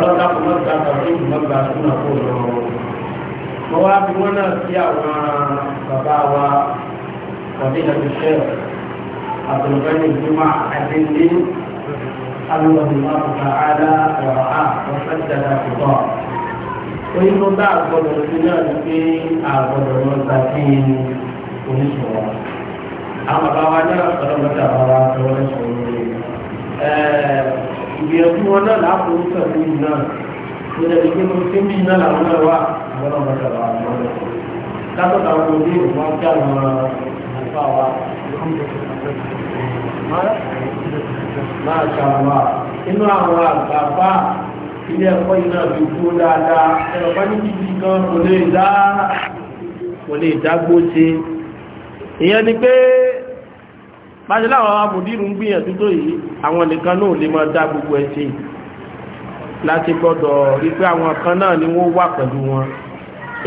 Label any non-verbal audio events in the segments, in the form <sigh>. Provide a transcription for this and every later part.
ọlọ́dà kò mọ́ta tàbí ìmọ̀gbà súnà kò lọ. mo wá bí wọ́n náà sí àwọn bàbá wa tàbí ìlànà iṣẹ́ àtọ̀lọ́gbẹ́ni ìgbìmọ̀ àdéhùn alùpàdé wa kò tà á dá ọ̀rọ̀ á wọ́n fẹ́ dada kò tọ̀. onímọ̀ bá àgbọ̀dọ̀ sí náà ni pé àgbọ̀dọ̀ lọ tàbí oníṣòwò. àwọn bàbá wa náà sọ̀rọ̀ mọ́ta bàbá wa sọ̀rọ̀ ìgbìyànjú wọn náà láàpò ń sẹ̀kú yìí náà ìrẹ̀ ìgbé mo ti ń bí iná làwọn náà wà àwọn ọmọ ìjọba àwọn ọmọ látọ̀ táwọn orí ìwọ kí àwọn àlùfà wa. máa ṣàwọn inú àwọn àgbààfà ilé ẹ̀kọ́ yìí náà fi kú dáadáa ẹ̀rọ bá ní bíbí gan kò lè dá kò lè dá gbó ṣe ìyẹn báṣe láwọn amòdírù ń gbìyànjú tó yìí àwọn nìkan náà lè máa dá gbogbo ẹ̀ ṣe láti gbọ́dọ̀ rí pé àwọn kan náà ni wọ́n wà pẹ̀lú wọn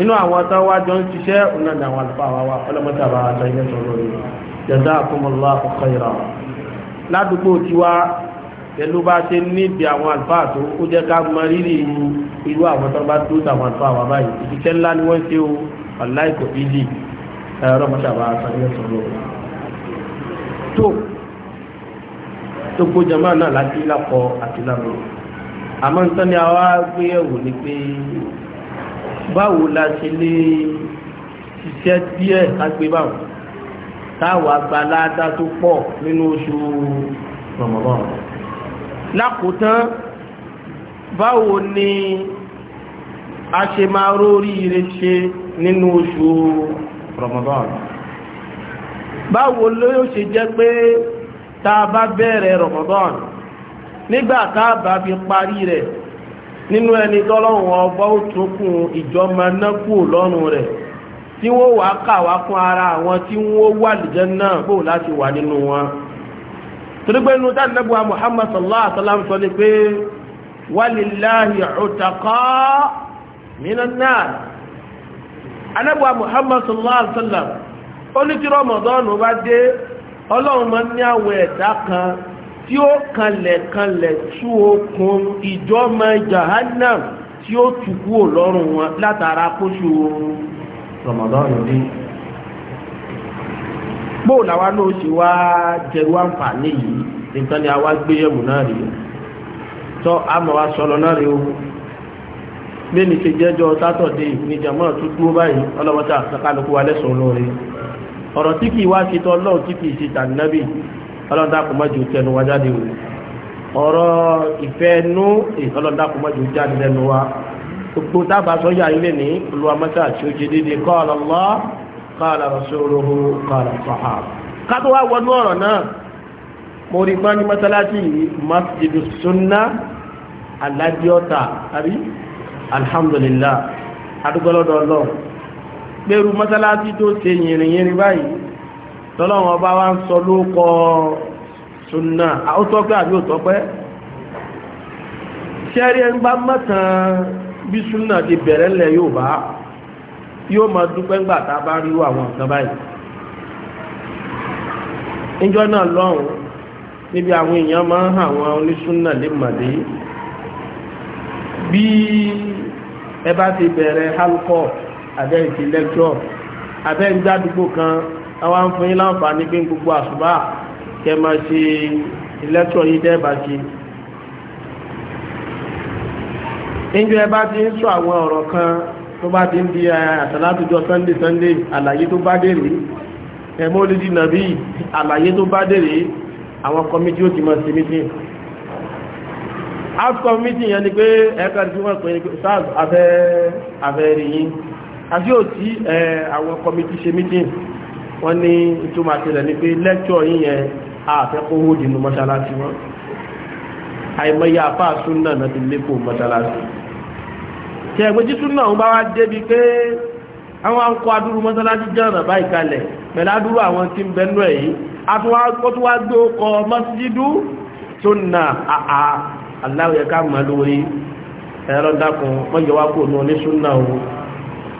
inú àwọn tán wá jọ ń ṣiṣẹ́ ọ̀nà ni àwọn àlùfáà wa wà ọlọ́mọdé àbá àjọ ilé sọ̀rọ̀ rẹ̀ jazakumullahu khairan ládùúgbò tiwa pẹ̀lú bá ṣe níbi àwọn àlùfáà tó ó jẹ́ ká mọ rírì irú àwọn tán bá tó tàwọn àlùfáà wa báyìí ìṣiṣẹ́ ńlá ni wọ́n ṣe o ọ̀láìkò ìlì ẹ̀rọ mọ́ṣàbà àjọ ilé sọ̀rọ̀ rẹ̀ tó tó gbójà máa náà láti lápọ àti lábọ àmọ́ nǹkan ni àwa gbé ẹ̀wò ni pé báwo la ṣe lè ṣiṣẹ́ díẹ̀ kágbé báwọn táwa gba ládá tó pọ̀ nínú oṣù Ramadan lákòótán báwo ni a ṣe máa rórí ire ṣe nínú oṣù Ramadan báwo ló yóò ṣe jẹ́ pé tá a bá bẹ̀rẹ̀ Ramadan nígbà tá a bá fi parí rẹ̀ nínú ẹni tọ́lọ́run ọgbọ́ ó tún kún ìjọba náà kú lọ́rùn rẹ̀ tí wọ́n wà kà wá fún ara àwọn tí wọ́n wà lìjẹ́ náà bò láti wà nínú wọn torípé inú tá nẹ́bùwà Muhammad sallallahu alaihi wasallam sọ ni pé walillahi utaqa minan nar anẹ́bùwà Muhammad sallallahu alaihi wasallam ó ní tí rọmọdọ́nù bá dé ọlọ́run máa ní àwọn ẹ̀dá kan tí ó kanlẹ̀ kanlẹ̀ tú okùn ìjọ́mọ jahannam tí ó tù kúrò lọ́rùn wọn látara kóṣù rọmọdọ́nù dé bóò làwa náà ṣe wá jẹrú àǹfààní yìí nìkan ni àwa gbé yẹ̀wò náà rí tọ́ àmọ́ wa sọ̀rọ̀ náà rí o bí ní ṣe jẹ́jọ́ sátọ̀dé ìpínjàmọ́ tó dúró báyìí ọlọ́wọ́ta àtàkálùkù wa lẹ́sọ̀ọ́ lórí ọ̀rọ̀ tí kìí wá ṣe tọ́ ọlọ́run tí kìí ṣe tànàbí ọlọ́run dákun má jẹ́ tẹnu wa jáde o ọ̀rọ̀ ìfẹ́ nú ọlọ́run dákun má jẹ́ jáde lẹ́nu wa gbogbo tábà sọ́jà ilé ní olùwàmọ́sá tí ó ṣe déédéé qala Allah qala rasuluhu qala sahaba kátó wá wọnú ọ̀rọ̀ náà mo rí gbọ́n ní mọ́sálásí pẹ̀rú mọ́sálásí tó ṣe yìnrìnyìnrìn báyìí tọ́lọ́wọ́n ọba wa ń sọ sunna ó àbí ó ṣẹ́rí sunna ti bẹ̀rẹ̀ yóò bá yóò dúpẹ́ bá rí àwọn nǹkan báyìí níjọ́ náà lọ́hùn níbi àwọn èèyàn máa ń hàn àwọn lè màdé bí ẹ bá ti abẹ́ ìṣe lẹ́kṣọ̀ abẹ́ ń dádúgbò kan àwọn ń fún yín láǹfààní pé gbogbo àṣùbà kẹ máa ṣe lẹ́kṣọ̀ yìí dẹ́ẹ̀bà ṣe. níjọ ẹ bá ti ń sọ àwọn ọ̀rọ̀ kan tó bá ti ń di àtàlátújọ sunday sunday àlàyé tó bá dé rèé ẹ̀mọ́ olùdí nàbí àlàyé tó bá dé rèé àwọn kọmítì ó ti mọ̀ sí mítìn outcome meeting yẹn ni pé ẹ̀ka tí wọ́n pè ní sars afẹ́ afẹ́ rí yín àti òtí àwọn kọmitì ṣe meeting wọ́n ní ìtumọ̀ àti rẹ̀ ní pé lẹ́kṣọ̀ yíyẹn àfẹ́kọ́wó dìnnú mọ́ṣáláṣí wọn àìmọye àfáà súnà náà ti lékòó mọ́ṣáláṣí tí ẹgbẹ́ tí súnà ń bá wá débi pé àwọn akọ adúrú mọ́ṣáláṣí jẹ́rànà báyìí kalẹ̀ pẹ̀lú adúrú àwọn tí ń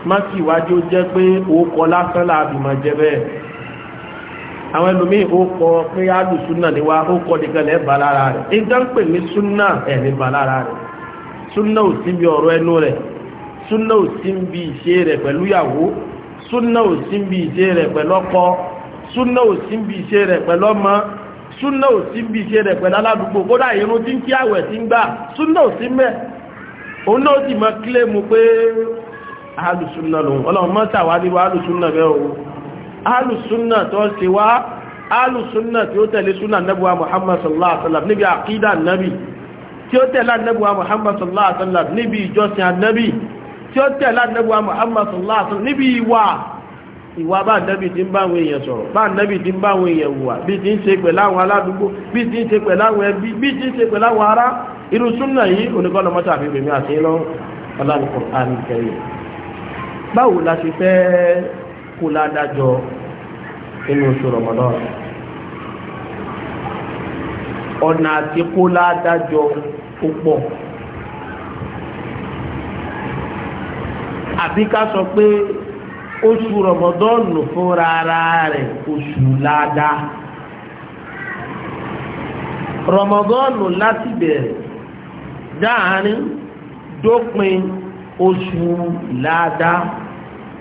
mákì ìwájú jẹ́ pé òkọ lásán láàbì máa jẹ bẹ́ẹ̀ àwọn ẹlòmíì òkọ pé áàlù súnà níwá òkọ nìkan lẹ́ bá lára rẹ̀ ìdá ń pè ní súnà ẹ̀mí bá lára rẹ̀ súnà ò síbi ọ̀rọ̀ ẹnu rẹ̀ súnà ò síbi ìṣe rẹ̀ pẹ̀lú ìyàwó súnà ò síbi ìṣe rẹ̀ pẹ̀lú ọkọ súnà ò síbi ìṣe rẹ̀ pẹ̀lú ọmọ súnà ò sí bí iṣẹ́ rẹ̀ pẹ̀lú aládùúgbò kódà irun tí ń kí àwẹ̀ tí ń gbà súnà ò sí mẹ́ òun náà ti mọ kílẹ̀mù pé alùsúnnà lòun ọlọ́run mọ́ta wá níwá alùsúnnà bẹ́ o alùsúnnà tó ṣe wá alùsúnnà tí ó tẹ̀lé súnà nẹ́bùwá muhammad sallallahu alaihi wasallam níbi àkídà nẹ́bì tí ó tẹ̀lé nẹ́bùwá muhammad sallallahu alaihi wasallam níbi ìjọsìn nẹ́bì tí ó tẹ̀lé nẹ́bùwá muhammad sallallahu alaihi wasallam níbi ìwà ìwà bá nẹ́bì tí ń bá àwọn èèyàn sọ̀rọ̀ bá nẹ́bì tí ń bá àwọn èèyàn wà bí ti ń ṣe pẹ̀lú àwọn aládùúgbò bí ti ń ṣe pẹ̀lú àwọn ẹbí bí báwo la ṣe fẹ́ kó ládájọ́ inú oṣù Ramadan ọ̀nà àti kó ládájọ́ ó pọ̀ àbí ká sọ pé oṣù Ramadan fúnra ara rẹ̀ oṣù ládàá Ramadan láti bẹ̀rẹ̀ dáhàrin dópin oṣù láàdá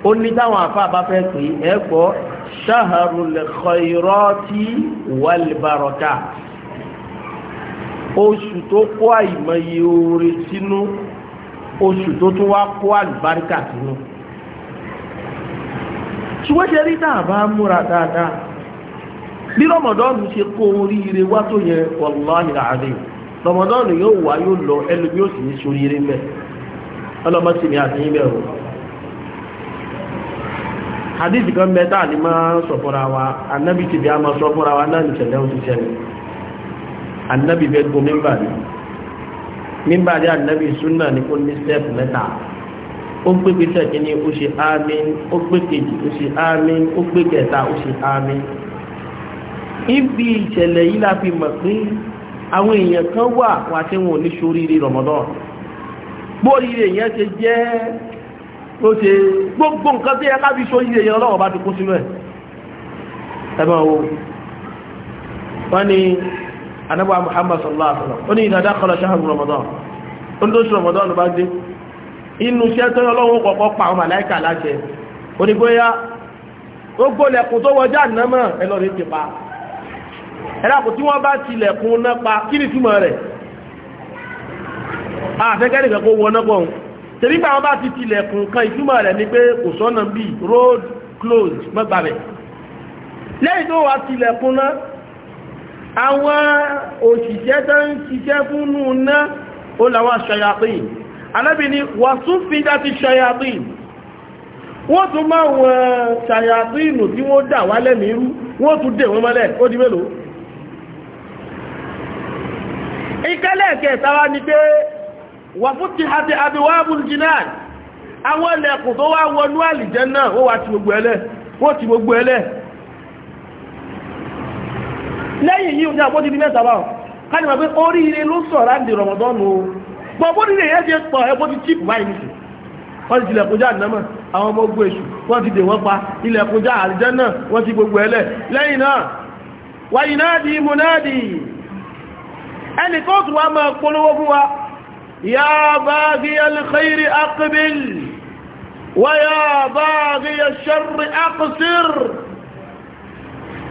ó ní táwọn àfa bá fẹ́ pé ẹ gbọ́ shaharul khairati wal barakat oṣù tó kó àìmọye oore sínú oṣù tó tún wá kó àlùbáríkà sínú ṣùgbọ́n ṣe rí náà bá múra dáadáa bí rọmọdọ́ọ̀nù ṣe kó oríire wá tó yẹ wallahi alazim rọmọdọ́ọ̀nù yóò wá yóò lọ ẹlòmí ó sì ní sóríire ọlọ́mọ sì ní àti yín bẹ̀rù hadith kan bẹ táà ní máa sọ fúnra wa annabi ti bí a máa sọ fúnra wa náà nìṣẹ̀lẹ̀ ó ti ṣẹlẹ̀ annabi bẹ gbó mímbà ní annabi sunna ní kó ní step mẹ́ta ó pé pèsè kíní ó ṣe àmín ó pé kejì ó ṣe àmín ó pé kẹta ó ṣe àmín ibi ìṣẹ̀lẹ̀ yìí la fi mọ̀ pé àwọn èèyàn kan wà wá tí wọn ò ní bóríire yẹn ṣe jẹ́ ó ṣe gbogbo nǹkan tí ẹ ká fi yẹn ọlọ́wọ́ bá ti kó sínú ẹ̀ ẹ máa wọ́n ní anábọ̀ Muhammad sallallahu alaihi ní idha dakhala shahru Ramadan ó tó ṣe Ramadan bá dé inú iṣẹ́ tó yọ lọ́wọ́ kọ̀ọ̀kọ́ pa àwọn màláìkà láṣẹ onígbóyá ó gbólẹ̀kùn tó wọjá ẹlọ́rin ti pa pa kí ni túmọ̀ rẹ̀ àfẹ́kẹ́ nìkan kó wọná bọ̀ tẹ̀lé gbà wọn bá ti tilẹ̀kùn kan ìtumọ̀ rẹ̀ ni pé kò sọ́nà bíi road closed mọ́gbàbẹ̀ lẹ́yìn tó wà tilẹ̀kùn náà àwọn òṣìṣẹ́ tó ń ṣiṣẹ́ fúnnú náà ó làwọn ṣayàpín alábi ni wà tún fi dáti ṣayàpín wọ́n tún máa wọn ṣayàpín tí wọ́n dà wá lẹ́mìírú wọ́n tún dè wọ́n mọ́lẹ̀ ó di mélòó ìkẹ́lẹ̀ kẹta wá ni pé wà fún ti àti àbíwábùn jinan àwọn ẹlẹ́kùn tó wá wọnú àlìjánnà ó wà ti gbogbo ẹlẹ́ wọ́n ti gbogbo ẹlẹ́ lẹ́yìn yìí ní àpótí ní mẹ́ta wà káni wà pé oríire ló sọ̀rọ̀ àǹdè rọ̀mọ̀dọ́nù o gbogbo oríire yẹn ti pọ̀ ẹ̀kọ́ ti chip báyìí nìsí munadi ẹnì kóòtù wa polówó fún wa يا باغي الخير أقبل ويا باغي الشر أقصر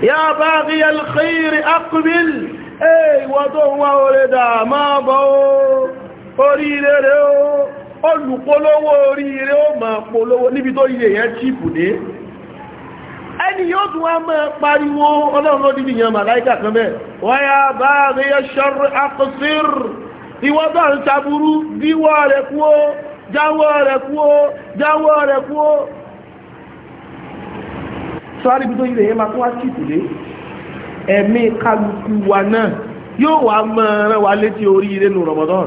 يا باغي الخير أقبل أي وضوء ولدا ما بو أريده أنقلو أريده ما قلو نبدو إليه يتشيبني أن يضوى ما قريبه الله رضي بي يا ملايكة ويا باغي الشر أقصر ìwọ bá ń ṣaburú díwọ́ rẹ̀ kú ó jáwọ́ rẹ̀ kú ó jáwọ́ rẹ̀ kú ó sọ́rí bí tó yí lèyẹ máa tó wá kìtù lé ẹ̀mí kálukú wa náà yóò wá máa rán wa létí orí ire nù Ramadan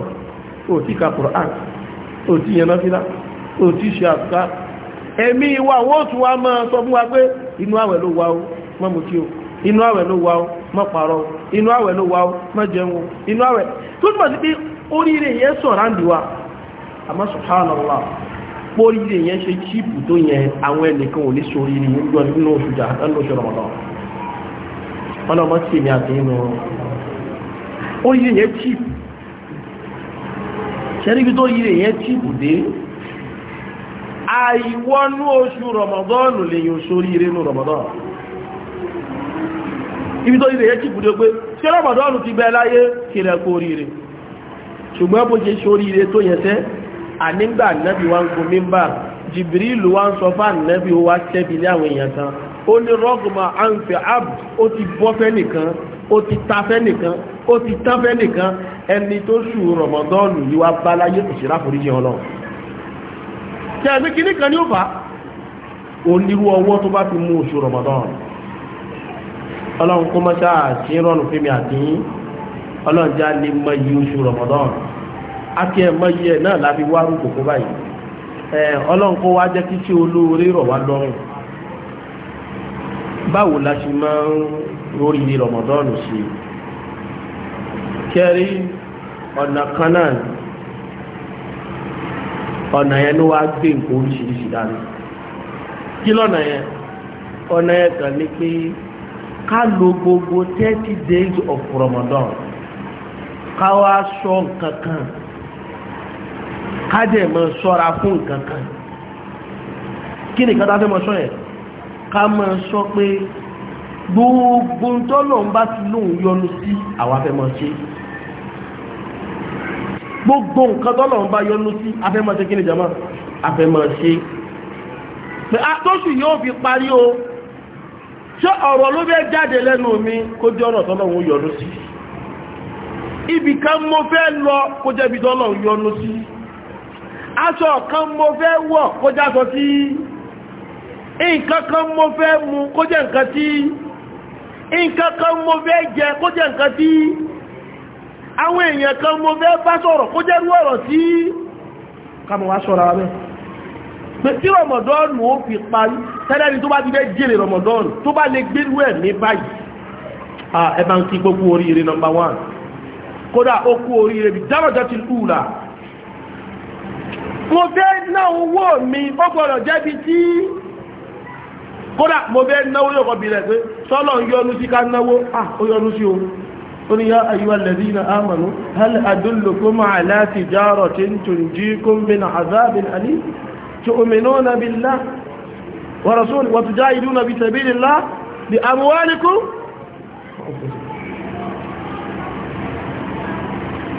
ó ti ka Qur'an ó ti yẹn náfílà wa wọ́n tún wá máa sọ fún wa pé inú àwẹ̀ ló wá ó mọ́ mú kí o inú àwẹ̀ ló wá ó mọ́ pààrọ̀ inú àwẹ̀ jẹun inú àwẹ̀ tó túnmọ̀ sí orire oríire yẹn sọ̀rọ̀ àǹdíwá àmọ́ subhanallah póríire yẹn ṣe chíìpù tó yẹn àwọn ẹnìkan ò ní sórí ni ń gbọ́ nínú oṣù jà nínú oṣù rọmọdọ́ ọlọ́mọ sì ní àti nínú oríire yẹn chíìpù ṣẹ́ríbi tó yíre ibi chíìpù dé àìwọ́nú oṣù rọmọdọ́ọ̀nù lèyìn oṣù oríire nínú rọmọdọ́ọ̀nù ibi tó yíre tí rọ̀mọ̀dọ́nù ti bẹ láyé kìrẹ̀ kò ríire ṣùgbọ́n bó ṣe ṣoríire tó yẹ sẹ́ ànígbà nẹ́bí wa ń gun mímbà jìbìrìlù wa ń sọ fún ànẹ́bí wa tẹ́bi ní àwọn èèyàn kan ó ní rọ́gùmọ̀ àǹfẹ̀ ab ó ti bọ́ fẹ́ nìkan ó ti ta fẹ́ nìkan ó ti tán fẹ́ nìkan ẹni tó ṣù rọ̀mọ̀dọ́nù yìí bá láyé òṣèré àforíjì ọlọ́run tẹ̀mí kìnnìkan ni ó fà á onírú ọwọ́ tó bá fi mú oṣù rọ̀mọ̀dọ́nù ọlọ́run kó mọ́ sáà sí rọrùn fún àti ọlọ́run já lè mọ oṣù rọmọdán àti ẹ̀ mọ ẹ̀ náà láfi wá rú kòkó báyìí ọlọ́run kó wá jẹ́ kí tí olóore ló wá gbé nǹkan ká lo gbogbo thirty days of Ramadan ká wá sọ nǹkan kan ká dẹ̀ mọ sọ́ra fún nǹkan kan kí nìkan tá a fẹ́ mọ sọ yẹn ká mọ sọ pé gbogbo tọ́lọ̀ ń bá ti lóun yọnu sí àwa fẹ́ mọ ṣe gbogbo nǹkan tọ́lọ̀ ń bá yọnu sí afẹ́ mọ ṣe kí ni jama afẹ́ mọ ṣe pé àtọ́sù yóò fi parí o. ṣé ọ̀rọ̀ ló bẹ́ jáde lẹ́nu mi kó jẹ́ kan mo fẹ́ lọ kó jẹ́ ibi tọ́lọ́run yọ́nú sí aṣọ kan mo fẹ́ wọ̀ kó jásọ sí nǹkan mo fẹ́ mu kó jẹ́ nǹkan mo fẹ́ jẹ kó jẹ́ nǹkan tí àwọn èèyàn kan mo fẹ́ bá sọ̀rọ̀ kó jẹ́ rú ọ̀rọ̀ kàmọ̀ sẹ́dẹ̀ni tó bá ti fẹ́ jèrè Ramadan tó bá lè gbérú ẹ̀ ní báyìí ẹ bá ń kí gbogbo oríire nọmba one kódà ó kú oríire bí dárọ̀jọ́ ti kú là mo fẹ́ ná owó mi ó gbọ́dọ̀ jẹ́bi tí kódà mo fẹ́ náwó yóò kọ́ bilẹ̀ pé sọ́lọ̀ ń yọnu sí ká náwó ó yọnu sí o ó ní yá ayúwa na ámànú hal adullukum ala tijaratin tunjikum min azabin alim tu'minuna billah ورسول وتجاهدون في سبيل الله بأموالكم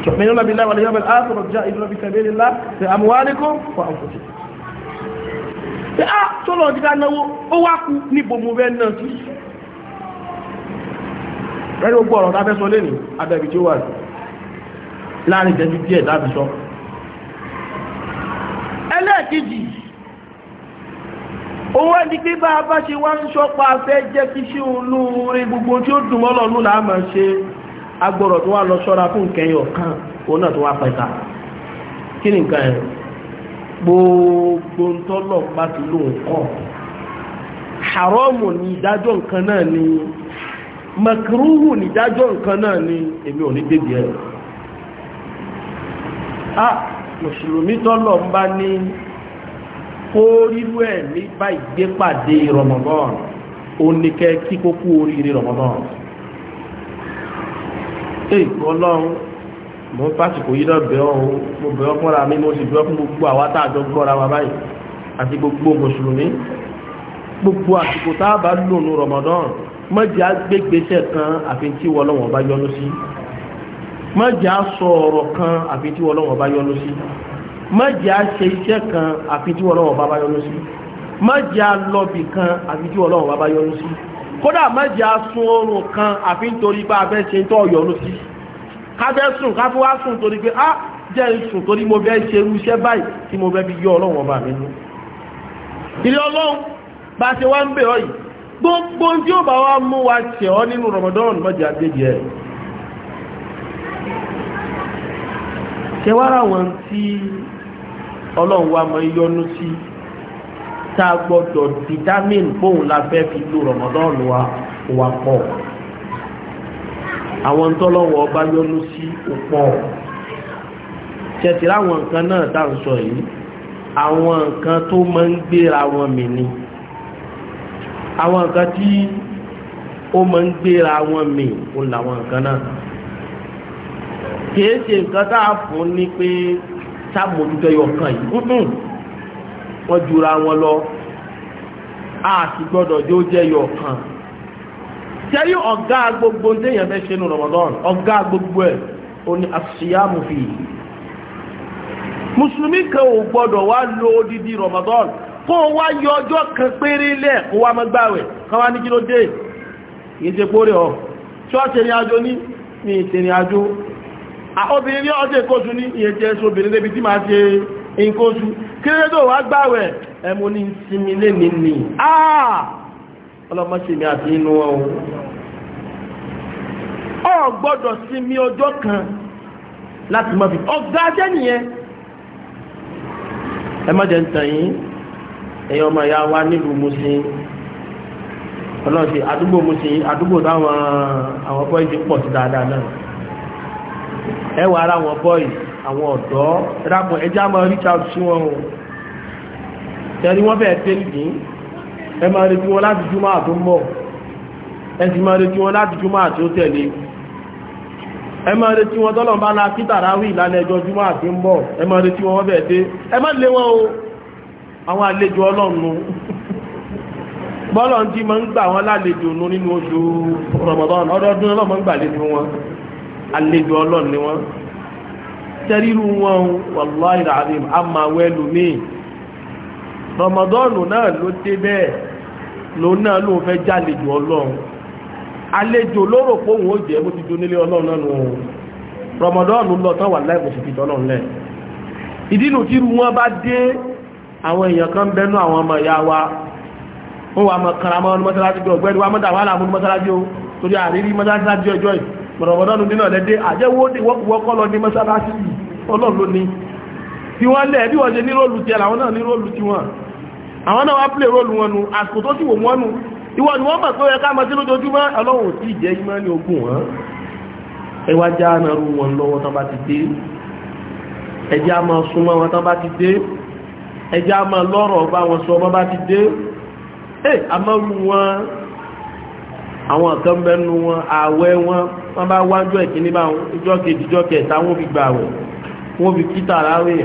تؤمنون بالله واليوم الآخر وتجاهدون في سبيل الله بأموالكم وأنفسكم pé á tó lọ dídá náwó ó wá kú níbo mo fẹ́ náà tí rẹ́rí gbogbo ọ̀rọ̀ tàbí sọ lẹ́nu abẹ́bí tí ó wà láàrin ìjẹ́jú díẹ̀ tàbí sọ owó ẹni pé bá a bá ṣe wá ń ṣọ́pá fẹ́ gbogbo tí o dùn mọ́lọ̀ ló là á se agboro agbọ̀rọ̀ tó wà lọ ṣọ́ra fún ìkẹyìn ọ̀kan òun náà tó wà pẹ̀ka kí ni nǹkan ẹ̀ gbogbo ń tọ́lọ̀ bá ti lóun kọ́ haramu ni ìdájọ́ nǹkan náà ni makruhu ni ìdájọ́ nǹkan ni èmi ò ní débi ẹ̀ ah, mba ni. kó rírú ẹ̀ ní báyìí gbé pàdé Ramadan ó ní kẹ́ kí kó kú oríire Ramadan èyí ọlọ́run mo ń pàṣípò yí náà bẹ̀ ọ́ mo bẹ̀ ọ́ fúnra mi mo sì bẹ̀ ọ́ fún gbogbo àwa tá a jọ gbọ́ra wa báyìí àti gbogbo mùsùlùmí gbogbo àsìkò tá a bá lò ní Ramadan mọ̀jẹ̀ agbègbèsẹ̀ kan àfi tí wọ́lọ́wọ́n bá yọ́nú sí mọ̀jẹ̀ asọ̀rọ̀ kan àfi tí wọ́lọ́wọ́n bá yọ́nú sí má jẹ́ à ṣe iṣẹ́ kan àfi tí Ọlọ́run bá bá yọ́nú sí má jẹ́ à lọ́bì kan àfi tí Ọlọ́run bá bá yọ́nú sí kódà má jẹ́ à sùn oorun kan àfi nítorí bá a fẹ́ ṣe tó yọ́nú sí ká fẹ́ sùn ká fẹ́ wá sùn torí pé á ah, jẹ́ sùn torí mo fẹ́ ṣe irú iṣẹ́ báyìí tí mo fẹ́ fi yọ Ọlọ́run bá mi nú ilé Ọlọ́run bá ṣe wá ń bẹ̀rọ yìí gbogbo tí ó bá wá mú wa tẹ̀ ọ́ nínú Ramadan má jẹ́ àgbèjì ẹ̀ ṣe wá ra wọn tí ọlọ́run wa máa ń yọnu sí tá a gbọ́dọ̀ vitamin bóun la fẹ́ fi lu Ramadan wa wà pọ̀ àwọn tọ́lọ́wọ́ ọba yọnu sí pọ̀ ṣẹ̀tìlá àwọn nǹkan náà tá à ń sọ yìí àwọn nǹkan tó máa ń gbéra wọn mì ni àwọn nǹkan tí ó máa ń gbéra wọn mì ó làwọn nǹkan náà kìí ṣe nǹkan tá a fún ni pé sáàmójútó ẹyọ kan yìí wọ́n jura wọn lọ a sì gbọ́dọ̀ yóò jẹ́ ẹyọ kan sẹ́rí ọ̀gá gbogbo déèyàn fẹ́ ṣe nu Ramadan ọ̀gá gbogbo ẹ̀ ó ní àṣìyàmù fi mùsùlùmí kan ò gbọ́dọ̀ wá lo odidi Ramadan kó o wá yọ ọjọ́ kan péré lẹ̀ kó wá má gbààwẹ̀ kó wá ní kí ló dé kì í ṣe kórè ọ ṣọ́ọ̀ṣì ìrìn àjò ní mi ìṣèrìn àjò Ah, obìnrin ní ọjọ́ ìkóṣù ní ìyẹ̀jẹ́ ẹ̀ṣù obìnrin lébi tí máa ṣe ìkóṣù kí lé tó wá gbáwẹ̀ ẹmú ní sinmi lè ní ní àà ọlọ́mọ́sí mi ah! àti inú ọ̀hún ọ sinmi ọjọ́ kan láti mọ́ fi ọgá jẹ́ nìyẹn ẹ má jẹ́ wa nílùú Mùṣín ẹwà ara wọn bọ́ì àwọn ọ̀dọ́ rápọ̀ ẹjá máa reach out sí wọn o tẹ́rí wọ́n fẹ́ẹ̀ tẹ́ nìyí ẹ máa retí wọn láti júmọ́ àtó mọ̀ ẹ sì máa retí wọn láti júmọ́ àti tẹ̀lé ẹ máa retí wọn tọ́lọ̀ bá la kí tàràwì ìlànà ẹjọ́ júmọ́ àti ń bọ̀ ẹ máa retí wọn wọ́n fẹ́ẹ̀ ẹ má lé wọn o àwọn àlejò ọlọ́run bọ́lọ̀ ń tí máa ń gbà wọn lálejò nínú oṣù Ramadan ọdọọdún ọlọ́mọ ń gbà wọn àlejò ọlọ́run ni wọ́n tẹ́rírú wọn wàláhì ràdìm a máa wẹ́lú mi rọmọdọ́ọ̀nù náà ló dé bẹ́ẹ̀ lòun náà ló fẹ́ jálejò ọlọ́run àlejò ló rò pé òun ó jẹ́ bó ti donílé ọlọ́run náà nù rọmọdọ́ọ̀nù lọ tán wà láì kò sì fi tọ́lọ́run lẹ̀ ìdí nù tí wọn bá dé àwọn èèyàn kan bẹnu àwọn ọmọ ìyá wa wọn wà mọ karamọ ní mọ́sálásí rọ̀mọ̀dánù nínú ọ̀lẹ́dẹ́ àjẹ́wó ní wọ́pùwọ́kọ́ lọ ní mọ́sálásí ọlọ́lọ́ ni tí wọ́n lẹ̀ bí wọ́n ṣe ní róòlù tí àwọn náà ní róòlù tí wọ́n àwọn náà wá pílẹ̀ róòlù wọn nù àsìkò tó sì wò wọ́n nù ìwọ̀n ni wọ́n mọ̀ tó yẹ ká mọ́ sí lójoojúmọ́ ọlọ́run tí ìjẹ́ ìmọ́ ní ogun wọn ẹwà já narú wọn lọ́wọ́ tán bá ti dé ẹjá máa súnmọ́ wọn tán bá ti dé ẹjá máa lọ́rọ̀ bá wọn sọ bá ti dé ẹ àmọ́rú wọn àwọn kan bẹnu wọn ààwẹ̀ wọn wọn bá wájú ẹ̀ kíní bá ìjọ kejì ìjọ kẹta wọn fi gbà wẹ̀ wọn fi kíta aláwẹ̀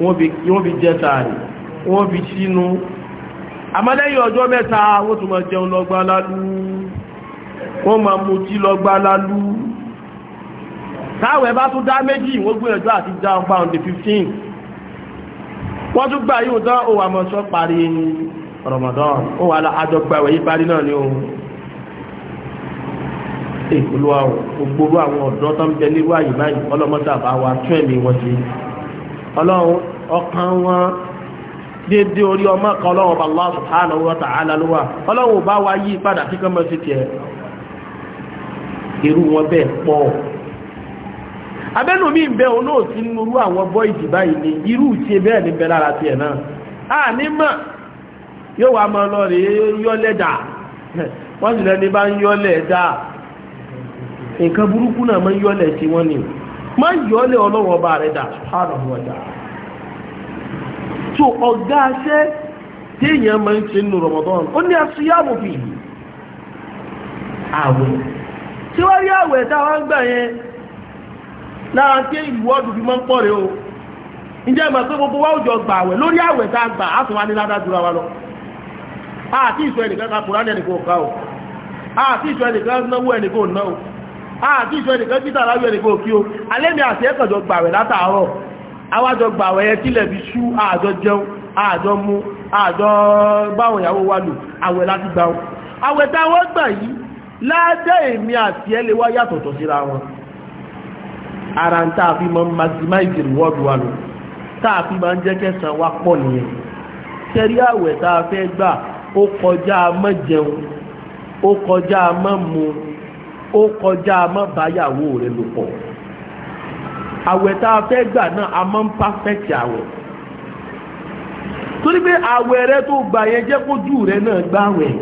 wọn fi jẹ tààrí wọn fi sínú àmọ́lẹ́yìn ọjọ́ mẹ́ta wọ́n tún máa jẹun lọ́gbà lálú wọ́n máa mutí lọ́gbà lálú táwẹ̀ bá tún dá méjì wọ́n gbìyànjú àti já ọgbà on the 15 wọ́n tún gbà yíò tán ó wà sọ parí Ramadan ó wà láàjọ gbàwẹ̀ parí náà ni ohun ìpolówó àwọn gbogbo àwọn ọ̀dọ́ tó ń bẹ nírú àyè báyìí ọlọ́mọdé àbá wa tún ẹ̀mí wọn ṣe ọlọ́run ọkàn wọn déédéé orí ọmọ kan ọlọ́run ọba Allah subhanahu wa ta'ala ló wà ọlọ́run ò bá wa yí padà sí kọ́mọ sí tiẹ̀ irú wọn bẹ́ẹ̀ pọ̀ abẹ́nu mi ń bẹ òun náà sí nírú àwọn bọ́ìdì báyìí ni irú ìṣe bẹ́ẹ̀ ní bẹ lára tiẹ̀ náà a ní mọ̀ yóò wá máa lọ rèé <laughs> wọ́n sì lẹ́ni bá ń yọ́lẹ̀ nǹkan burúkú náà máa ń yọ́lẹ̀ tí wọ́n ní máa ń yọ́lẹ̀ ọlọ́wọ́ ọba rẹ̀ dà subhanahu wa ta'ala so ọ̀gá aṣẹ́ téèyàn máa ń ṣe nínú Ramadan ó ní asíyàmù fi yìí àwẹ̀ tí wọ́n rí àwẹ̀ táwọn ń gbà ń pọ̀ rẹ̀ o ǹjẹ́ ìmọ̀ pé gbogbo wa òjò gbà àwẹ̀ lórí àwẹ̀ tá a gbà á tún wá ní ládàá jura wa lọ àti ìsọ ẹnìkan kan kùránì ẹnìkan ò ká o àti ìsọ ẹnìkan náwó ẹnìkan ò àti ìjọ nìkan títà láwí ẹnìkan òkí o alẹ́mì àti ẹ́kànjọ gbàwẹ̀ látàárọ̀ awájọ gbàwẹ̀ ẹ tílẹ̀ fi ṣú àjọ jẹun àjọ mú àjọ báwọn ìyàwó wa lò àwẹ̀ láti gbà wọn àwẹ̀ táwọn gbà yìí láàjẹ́ èmi àti ẹ́ lè wá yàtọ̀tọ̀ síra wọn ara ń tá a fi mọ maximize reward wa lò tá a fi máa ń jẹ́ kẹsàn-án wa pọ̀ nìyẹn sẹ́rí àwẹ̀ tá a fẹ́ gbà ó kọjá mọ́ jẹun ó kọjá mọ́ mu ó kọjá má báyàwó rẹ lò pọ̀ àwẹ̀ tá a fẹ́ gbà náà a máa ń pàfẹ́tì àwẹ̀ torí pé àwẹ̀ rẹ tó gbà yẹn jẹ́ rẹ náà gbàwẹ̀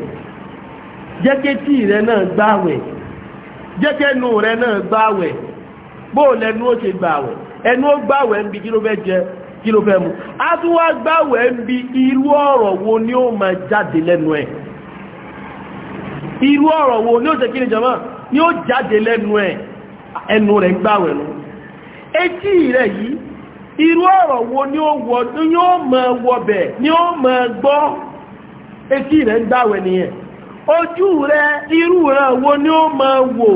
jẹ́ na rẹ náà gbàwẹ̀ jẹ́ kẹ́nu rẹ náà gbàwẹ̀ bóò lẹnu ó ṣe gbàwẹ̀ ẹnu ó gbàwẹ̀ ń bi kí ló jẹ kí ló mu a tún wá gbàwẹ̀ ń bi wo ni ó máa jáde lẹ́nu ẹ̀ irú ọ̀rọ̀ wo ni ó ṣe kí ni ó jáde lẹ́nu ẹ̀ ẹnu rẹ̀ gbáwẹ̀ etí rẹ̀ yìí wo ni ó wọ ni ó mọ wọbẹ̀ ni ó mọ gbọ́ etí rẹ̀ ń gbáwẹ̀ nìyẹn ojú rẹ̀ irú rẹ̀ wo ni ó mọ wò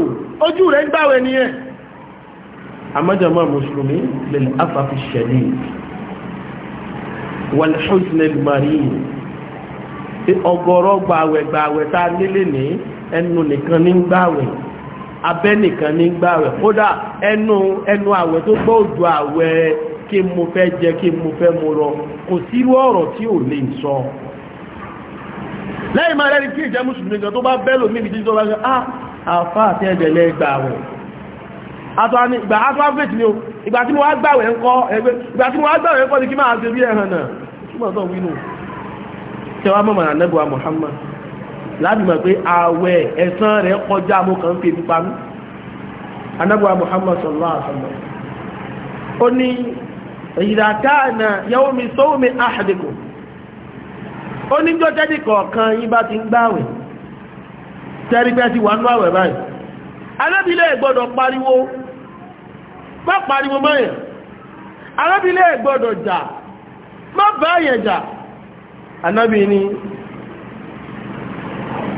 ojú rẹ̀ ń gbáwẹ̀ nìyẹn àmọ́jọ̀mọ́ mùsùlùmí lè afáfi ṣẹlẹ̀ wal huzn gbàwẹ̀ gbàwẹ̀ nílé ẹnu nìkan ní gbàwẹ̀ abẹ́ nìkan ní gbàwẹ̀ kódà ẹnu ẹnu àwẹ̀ tó gbọ́ òjò àwẹ̀ kí mo fẹ́ jẹ kí mo fẹ́ mo rọ kò sírú ọ̀rọ̀ tí ò lè sọ lẹ́yìn máa rẹ́ni kí ìjẹ́ mùsùlùmí gan tó bá bẹ́lò ní ìdí tó bá ṣe ah, àfá àti ẹ̀dẹ̀lẹ̀ ìgbàwẹ̀ ìgbà atúwáfẹ́tì ni o ìgbà tí wọ́n gbàwẹ̀ ń kọ́ ìgbà tí wọ́n gbàwẹ̀ ń kọ́ ni kí máa ṣe bí ẹ̀hàn náà láti mọ̀ pé ààwẹ̀ ẹ̀san rẹ̀ kọjá mo kàn ń fi ibi pamọ́ anábùwà Muhammad sallallahu alaihi wa sallam ó ní ìdàkáàna yawmi sawmi ahadikum ó ní jọ jẹ́dì kọ̀ọ̀kan yí bá ti ń gbáwẹ̀ tẹ́rí pé ti wà ní àwẹ̀ báyìí alábílẹ̀ gbọ́dọ̀ pariwo má pariwo mọ́yàn alábílẹ̀ gbọ́dọ̀ jà má báyẹ̀ jà anábí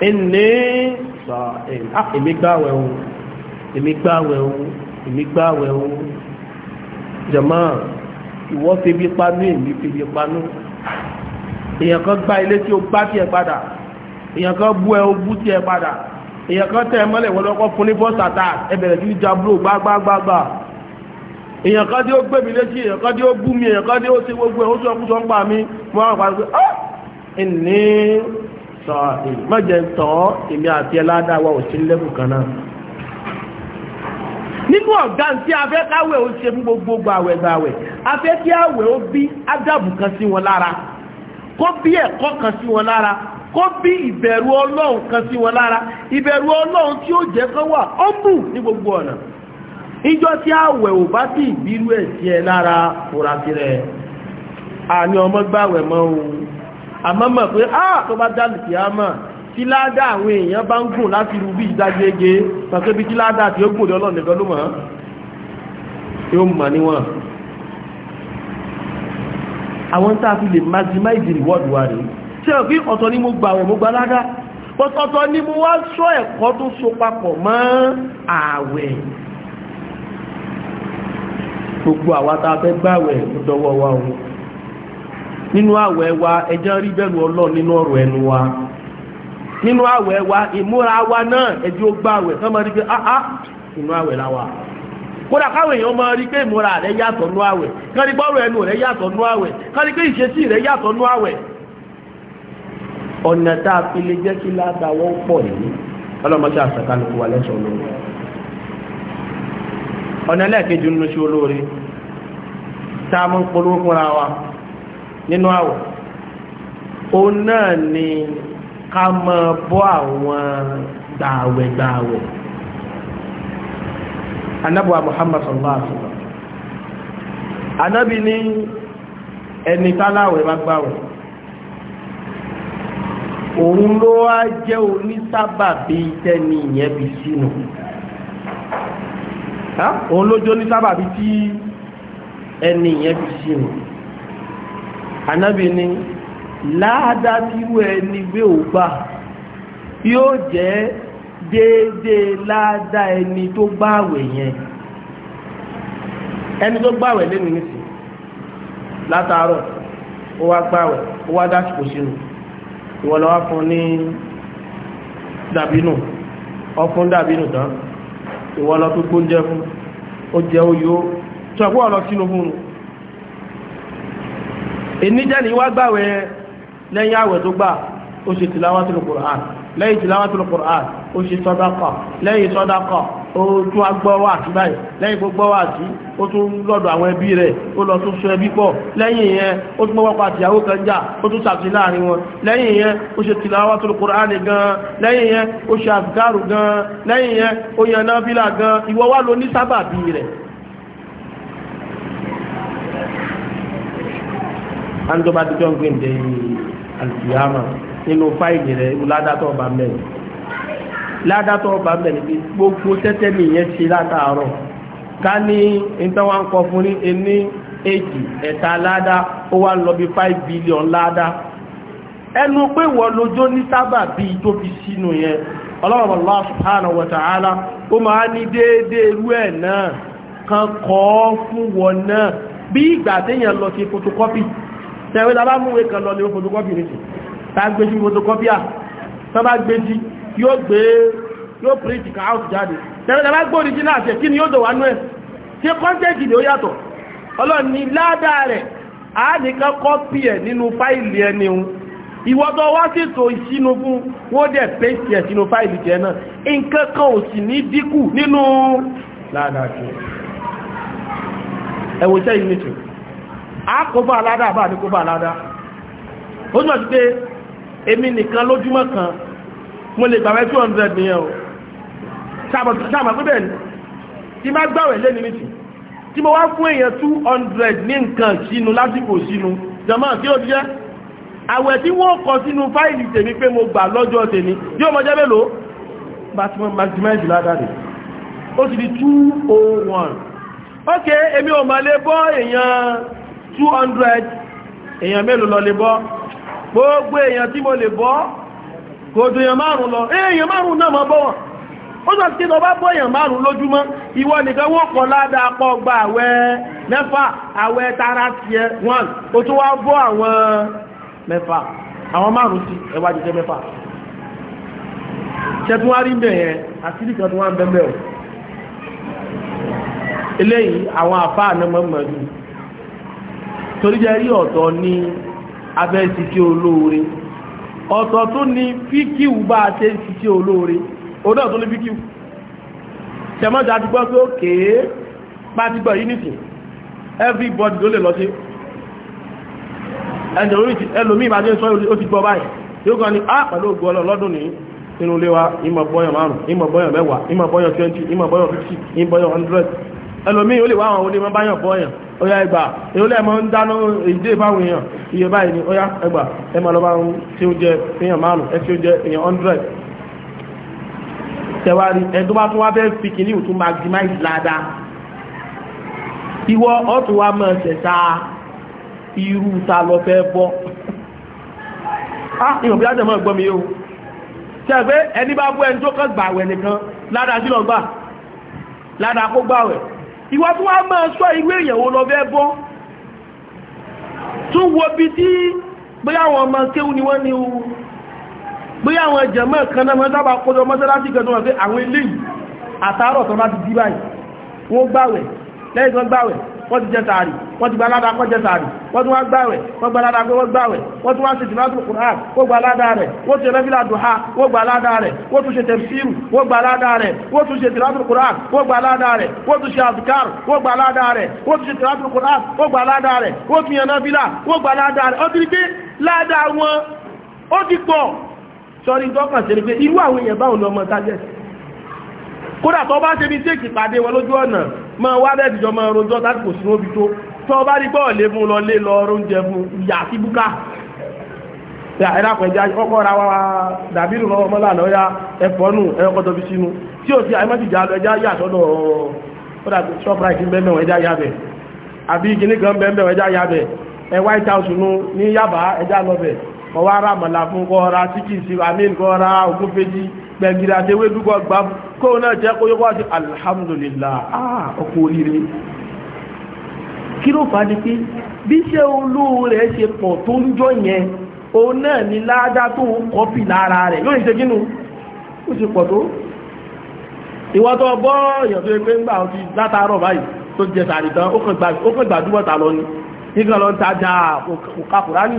ẹnì sọ ah, èmi gbàwẹ̀ o èmi gbàwẹ̀ o èmi gbàwẹ̀ o jọ̀mọ́ ìwọ febi panu èmi febi panu èèyàn kan gbá ilé tí o gbá tiẹ̀ padà èèyàn kan bú ẹ o bú tiẹ̀ padà èèyàn kan tẹ̀ ẹ mọ́lẹ̀ wọ́n lọ́kọ́ fún ní bọ́sà tá ẹ bẹ̀rẹ̀ sí ìjà búrò gbágbágbágbá èèyàn kan tí ó gbé mi létí èèyàn kan tí ó bú mi èèyàn kan tí ó ṣe gbogbo ẹ̀ ó sọ fún sọ ń pa mi mo máa ń pé ọ́ ah, ẹni sọ mọ́jẹ̀ ń tọ́ èmi àti ẹládàá wa ò sí lẹ́bù kan nínú ọ̀gá tí a fẹ́ káwẹ̀ ó ṣe gbogbo gbàwẹ̀ a fẹ́ kí àwẹ̀ ó bí ádàbù kan sí wọn lára kó bí ẹ̀kọ́ kan sí wọn lára kó bí ìbẹ̀rù ọlọ́run kan sí wọn lára ìbẹ̀rù ọlọ́run tí ó jẹ́ wà ó ní gbogbo ọ̀nà ìjọ tí àwẹ̀ ò bá tí ìbírú ẹ̀ àmọ́ mọ̀ pé ah tó bá dá lùkìyàmà tí ládà àwọn èèyàn bá ń gùn láti rú bí ìdájége pàṣẹ bí tí ládà tí ó gùn lọ́lọ́ nìkan ló mọ̀ yóò mọ̀ níwọ̀n àwọn tá fi lè maximize reward wa rèé tí ẹ̀ fi ọ̀tọ̀ ni mo gbà wọ̀ mo gbà ládà ọ̀tọ̀ ni mo wá sọ ẹ̀kọ́ tó so papọ̀ mọ́ ààwẹ̀ gbogbo àwa tá a fẹ́ gbàwẹ̀ lọ́dọ̀wọ́ wa òun nínú àwẹ̀ wa ẹjọ́ rí bẹ́ẹ̀ nínú ọ̀rọ̀ ẹnu wa nínú àwẹ̀ wa ìmúra wa náà ẹjọ́ gbá àwẹ̀ rí pé áá ah, ah, inú àwẹ̀ la wa kódà èèyàn máa rí pé ìmúra rẹ yàtọ̀ nú àwẹ̀ kárí ẹnu rẹ yàtọ̀ nú àwẹ̀ kárí pé ìṣesí rẹ yàtọ̀ nú àwẹ̀ ọ̀nà tá a fi lè jẹ́ kí ládàáwọ́ pọ̀ yìí ọlọ́mọṣẹ́ àṣàkálùkù wa lẹ́sọ̀ lórí ọ̀nà ẹlẹ́ẹ̀kejì nínú àwọ̀ òun náà ni ká máa bọ́ àwọn gbààwẹ̀ anábùwà Muhammad sallallahu alaihi wa sallam anábì ní ẹni táláwẹ̀ bá gbààwẹ̀ òun ló wá jẹ́ onísábàbí tẹ́ni ìyẹn bí sínú òun ló jẹ́ onísábàbí tí ẹni ìyẹn bí sínú anábì ni láàdábíwò ẹni gbé ògbà yóò jẹ́ déédéé láàdá ẹni tó gbààwẹ̀ yẹn ẹni tó gbààwẹ̀ lẹ́nu nìsí látàárọ̀ ó wá gbààwẹ̀ ó wá dásìkò sínú ìwọ ló wá fún ní dàbínù ọfún dàbínù tán ìwọ ló gbóúnjẹ fún ó jẹ oyó tó ẹ̀kọ́ ọ̀lọ́ sínú fún un ìníjẹ́ni wá gbàwẹ̀ lẹ́yìn àwẹ̀ tó gbà ó ṣe tilawatul Qur'an lẹ́yìn tilawatul Qur'an ó ṣe sàdákà lẹ́yìn sàdákà ó tún agbọ́wọ́ àti báyìí lẹ́yìn gbogbo àti ó tún lọ́dọ̀ àwọn ẹbí rẹ̀ ó lọ tún sọ ẹbí pọ̀ lẹ́yìn yẹn ó tún mọ́wọ́ pa àtìyàwó kan jà ó tún àńtọ́ bá ti jọ́ ń gbé ǹdẹ́ àlùfíàmà nínú fáìlì rẹ̀ ládàtọ̀ ọba mẹ́rin ládàtọ̀ ọba mẹ́rin bí gbogbo tẹ́tẹ́ nìyẹn ṣe látàárọ̀ ká ní nǹkan wá ń kọ fún ní ẹni èjì ẹ̀ta five billion lada, ẹnu pé wọ́n lójó ní sábà bí tó fi sínú yẹn ọlọ́run Allah subhanahu wa ta'ala ó máa ní déédéé irú ẹ̀ náà kan kọ́ fún wọn náà bí ìgbà téèyàn lọ sí tẹ̀wé lábá mú ìwé kan lọ ní fotokọ́pì nìtì tá a gbé sí fotokọ́pì à tó bá gbé sí yóò gbé yóò print ká out jáde tẹ̀wé lábá gbé original àti kí ni yóò dọ̀wà nú ẹ̀ ṣe kọ́ńtẹ́ẹ̀tì ni ó yàtọ̀ ọlọ́run ní ládàá rẹ̀ a nìkan kọ́pì ẹ̀ nínú fáìlì ẹni hun ìwọ́tọ̀ wá ṣètò ìṣínú fún wọ́n dẹ̀ pèsè ẹ̀ sínú fáìlì jẹ náà nǹkan kan ò sì ní dínkù nínú ládàá ẹ̀wọ̀n iṣẹ́ ìmìtì a kó bá aládá àbá ní kó bá aládá ó túnmọ̀ sí pé èmi nìkan lójúmọ́ kan mo lè gbàwẹ̀ 200 nìyẹn o sáàmà pé bẹ́ẹ̀ ni tí má gbàwẹ̀ lé nínú ìsìn tí mo wá fún èèyàn 200 ní nǹkan sínú lásìkò sínú jọmọ́ tí ó jẹ́ àwẹ̀ tí wọ́n kọ sínú fáìlì tèmi pé mo gbà lọ́jọ́ tèmi yóò mọ jẹ́ mélòó maximize ládàrí ó sì di 201 ok èmi ò mà lè bọ́ èèyàn two hundred èèyàn mélòó lọ lè bọ́ gbogbo èèyàn tí mo lè bọ́ kò ju èèyàn márùn lọ eh, èèyàn márùn náà máa bọ́ wọn ó sọ sí lọ bá bọ́ èèyàn márùn lójúmọ́ ìwọ nìkan wọ́n kọ́ ládàá pọ̀ gba àwẹ̀ mẹ́fà àwẹ̀ tara tiẹ̀ one ó tún wá bọ́ àwọn mẹ́fà àwọn márùn sí ẹwà jíjẹ mẹ́fà ṣẹ́tún wá rí bẹ̀yẹn àti ìdíkan tó eléyìí àwọn àfáà náà yìí torí jẹ́ rí ọ̀tọ̀ ní abẹ́sìkí olóore ọ̀tọ̀ tó ní fíkíwù bá a ṣe ń ṣiṣẹ́ olóore òun náà tó ní fíkíwù tẹ̀mọ́jà àdúgbò pé ó kéé pàtígbà yìí nìsín everybody ló lè lọ sí ẹlòmíì bá jẹ́ sọ ó ti gbọ́ báyìí yóò kàn ní a ah, pẹ̀lú ògbọ́ ọlọ́dún nìyí nínú ilé wa ìmọ̀ bọ́yàn márùn ìmọ̀ bọ́yàn mẹ́wàá ìmọ̀ bọ́yàn 20 ìmọ̀ bọ́yàn 50 ìmọ̀ bọ́yàn 100 ẹlòmíì ó lè wá àwọn onímọ̀ báyàn bọ́yàn ọya ẹgbà èyí lẹ́ẹ̀ máa ń dáná ìdé ìfáwọn èèyàn iye báyìí ni oya ẹgbà ẹ máa lọ bá ń tí oúnjẹ èèyàn márùn ẹ tí oúnjẹ èèyàn hundred tẹwárí ẹni tó bá tún wá fẹ́ fi kìíní ìtún maximize ládàá ìwọ ọ̀tún wa máa ṣẹ̀ṣà irú ta lọ fẹ́ bọ́ ah ìwọ̀n bí á jẹ́ mọ́ ẹ̀gbọ́n mi yóò tẹ̀gbẹ́ ẹni bá bọ́ ẹni tó kàn gbàwẹ̀ nìkan ládàá sí lọ gbà ládàá kó gbàwẹ̀ ìwà tó wá máa sọ irú èèyàn wo lọ fẹ́ bọ́ tún wo bí tí bóyá àwọn ọmọ kéwú ni wọ́n ní o bóyá àwọn jàmá kan náà sábà kọjọ mọ́sálásí kan tó wọ́n fẹ́ àwọn eléyìí àtàárọ̀ tó bá ti dí báyìí wọ́n gbàwẹ̀ lẹ́yìn tó gbàwẹ̀ wọ́n ti jẹ sàárì wọ́n ti gbalada kọ́ jẹ sàárì wọ́n ti wá gbàwẹ̀ wọ́n gbalada pé wọ́n gbàwẹ̀ wọ́n ti wá ṣe tìlátù kùnà wọ́n gbalada rẹ̀ wọ́n ti rẹ́fìlà dùhà wọ́n gbalada rẹ̀ wọ́n tún ṣe tẹ̀síìrù wọ́n gbalada rẹ̀ wọ́n tún ṣe tìlátù kùnà wọ́n gbalada rẹ̀ wọ́n tún ṣe àzùkárù wọ́n gbalada rẹ̀ wọ́n tún ṣe tìlátù kùnà wọ́n gbalada rẹ̀ wọ́n tún yẹn náfìlà wọ́n gbalada rẹ̀ ó ti rí pé ládà wọn ó ti pọ̀ sọrí dọ́kàn sí ni pé irú àwọn èèyàn báwọn lọ́mọ tájẹ́ kódà tó bá ṣe bí tí èkì pàdé wọn lójú ọ̀nà ma wá bẹ́ẹ̀ tìjọ máa rojọ́ láti kò sí obi tó tọ́ bá rí bọ́ọ̀ lé fún lọ lé lọ oúnjẹ fún ìyá sí búkà ẹ̀dàpẹ̀já kọ́kọ́ ra wa dàbírù lọ́wọ́ mọ́lá lọ́yà ẹ̀fọ́ nù ẹ̀kọ́ tọ́bi sínú tí ò sí àìmọ́tìjà lọ yà sọ́dọ̀ kọ́ wá ra màlà fún kọ́ ra síkì sí amín kọ́ ra ogún fèjì gbẹ̀gìrì àti ewé dúkọ̀ gbà kó náà jẹ́ kó yẹ wá sí alhamdulillah ah ọkọ̀ oríire kí ló fà á di pé bí iṣẹ́ olówó rẹ̀ ṣe pọ̀ tó ń jọ yẹn òun náà ni ládá tó ń kọ́pì lára rẹ̀ yóò ṣe kínú ó ṣe pọ̀ tó ìwọ tó bọ́ èèyàn tó yẹ pé ńgbà ti látàárọ̀ báyìí tó jẹ sàrì ó kàn gbàdúgbọ̀ta lọ ni nígbà lọ ń tajà òkàkùrá ní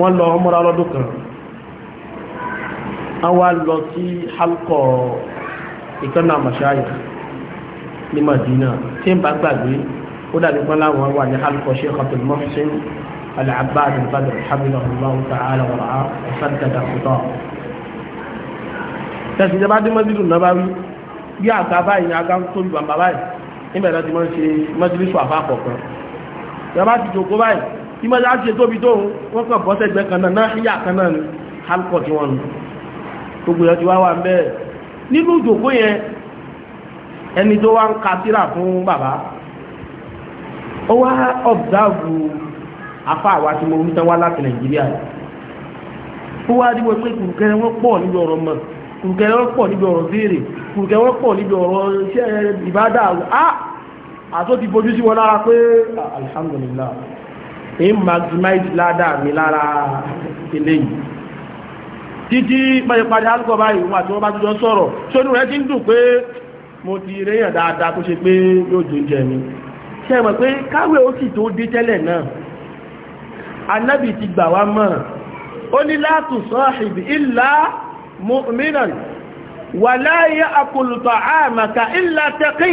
wọ́n lọ ọmọra lọ́dún kan àwa lọ sí halkọ̀ ìkànnà àmàṣáyà ní Madina tí ń bá gbàgbé ó dàbí pọ́n láwọn wà ní halkọ̀ Sheikh Abdul Muhsin Al-Abbad Al-Badr hamidullahu ta'ala wa ra'a saddada khutah tẹ̀sí ìjọba dé mọ́sílù náà bá wí bí àga báyìí àga ń tóbi bàbá báyìí níbẹ̀ náà ti ṣe mọ́sílù sọ àfa kan ìjọba ti jòkó báyìí tí mọ́lá ṣe tóbi tóun wọ́n kàn bọ́ sẹ́gbẹ́ kan náà náà ṣíyà kan náà ni halkọ̀ tí wọ́n nù gbogbo ẹ̀ ti wá wà ń bẹ́ẹ̀ nínú ìjòkó yẹn ẹni tó wá ń ka síra fún bàbá ó wá ọ̀bùdáàbù afá àwa tí mo rí tán wá láti nàìjíríà ó wá dìbò pé kùrùkẹ́rẹ́ wọ́n pọ̀ níbi ọ̀rọ̀ mọ̀ kùrùkẹ́rẹ́ wọ́n pọ̀ níbi ọ̀rọ̀ ń maximize ládàá mi lára eléyìí títí pàdépàdé alukọ báyìí wọn àti wọn bá tún sọ̀rọ̀ sónú rẹ ti ń dùn pé mo ti réyàn dáadáa tó ṣe pé yóò dùn jẹ mi ṣe mọ̀ pé káwé ó sì tó dé tẹ́lẹ̀ náà anábì ti gbà wá mọ̀ ó ní la tusahib illa mu'minan wa la ya'kulu ta'amaka illa taqi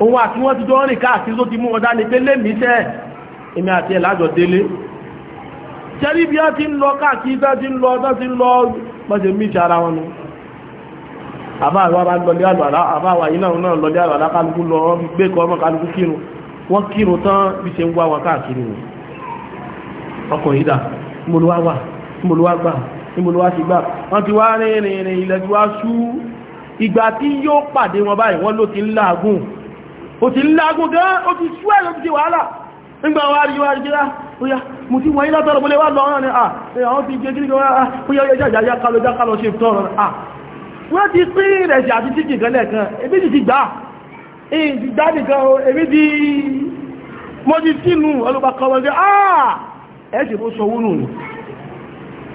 òun àti wọ́n ti jọ rìn káàkiri tó ti mú ọdá ní pé lémìíṣẹ́ èmi àti ẹ̀ lájọ délé ṣẹ́rí bí a ti ń lọ káàkiri tó ti ń lọ tó ti ń lọ pẹ̀sẹ̀ mí ṣe ara wọn nu àbá àwọn ará lọlé àlọ́lá àbá àwọn àyínà náà lọlé àlọ́lá kálukú lọ wọ́n fi gbé kọ́ ọmọ kálukú kírun wọ́n kírun ti gbà wọ́n ti wá rìnrìn ilẹ̀ ti wá ó ti lágún gan ó ti ṣú ẹ̀ ló ti di wàhálà nígbà wà rí wà rí gíra oya mo ti wọ́n yí látọ̀rọ̀ mo lè wà lọ́rọ̀ ni àwọn ti jẹ́ gírí gan oya oya jàjá kálọ já kálọ ṣe tọ́rọ̀ wọ́n ti pín rẹ̀ sí àti títì gan lẹ́ẹ̀kan ebi ti ti gbà èyí ti ah ẹ̀ ṣe mo sọ wúnù ni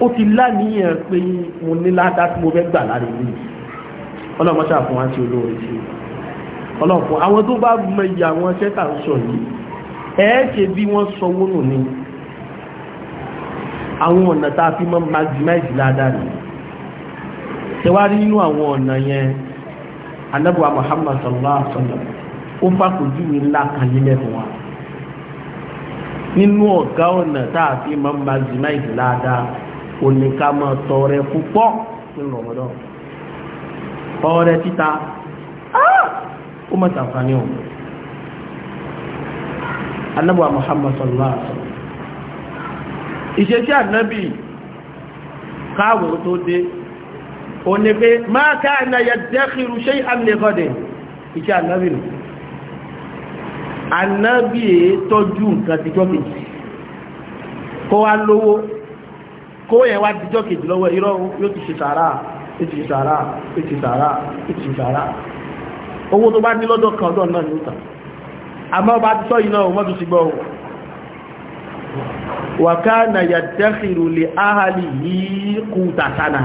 ó ti láníyàn pé mo ní ládá tí mo fẹ́ gbà láre ní ọlọ́mọṣà fún wa ti olóore sí i ọlọ́pọ̀ àwọn tó bá mẹ́yà wọn tẹ́ta ń sọ yìí ẹ̀ẹ́kẹ́ bí wọ́n sọwọ́ nù ní àwọn ọ̀nà tá a fi mọ́ maximize ládàá nì tẹwárí nínú àwọn ọ̀nà yẹn anábùwà Muhammad sallallahu alaihi wa sallam ó fàkójú ńlá kan nílẹ̀ fún wa nínú ọ̀gá ọ̀nà tá a fi máa ń ba jìnnà tọrẹ púpọ̀ nínú ọ̀mọdọ́ ọrẹ títa ó mọ̀ sàǹfààní o anábọ̀ Muhammad sallallahu alaihi wasallam ìṣesí ànábì káàwò tó dé ó ní pé máa kana yadakhiru shay'an li ghadin ìṣe ànábì nù ànábì èé tọ́jú nǹkan tijọ́ kejì kó wá lówó kó yẹn wá tijọ́ kejì lọ́wọ́ irọ́ yóò ti ṣe sàárà yóò sàárà yóò sàárà yóò sàárà owó tó bá ní lọ́dọ̀ kan ọ̀dọ̀ náà ní ìta àmọ́ bá ti sọ iná o mọ́tún ti gbọ́ o wà ká nà yà dẹ́kìrù lè áhàlì yìí kú tàtànà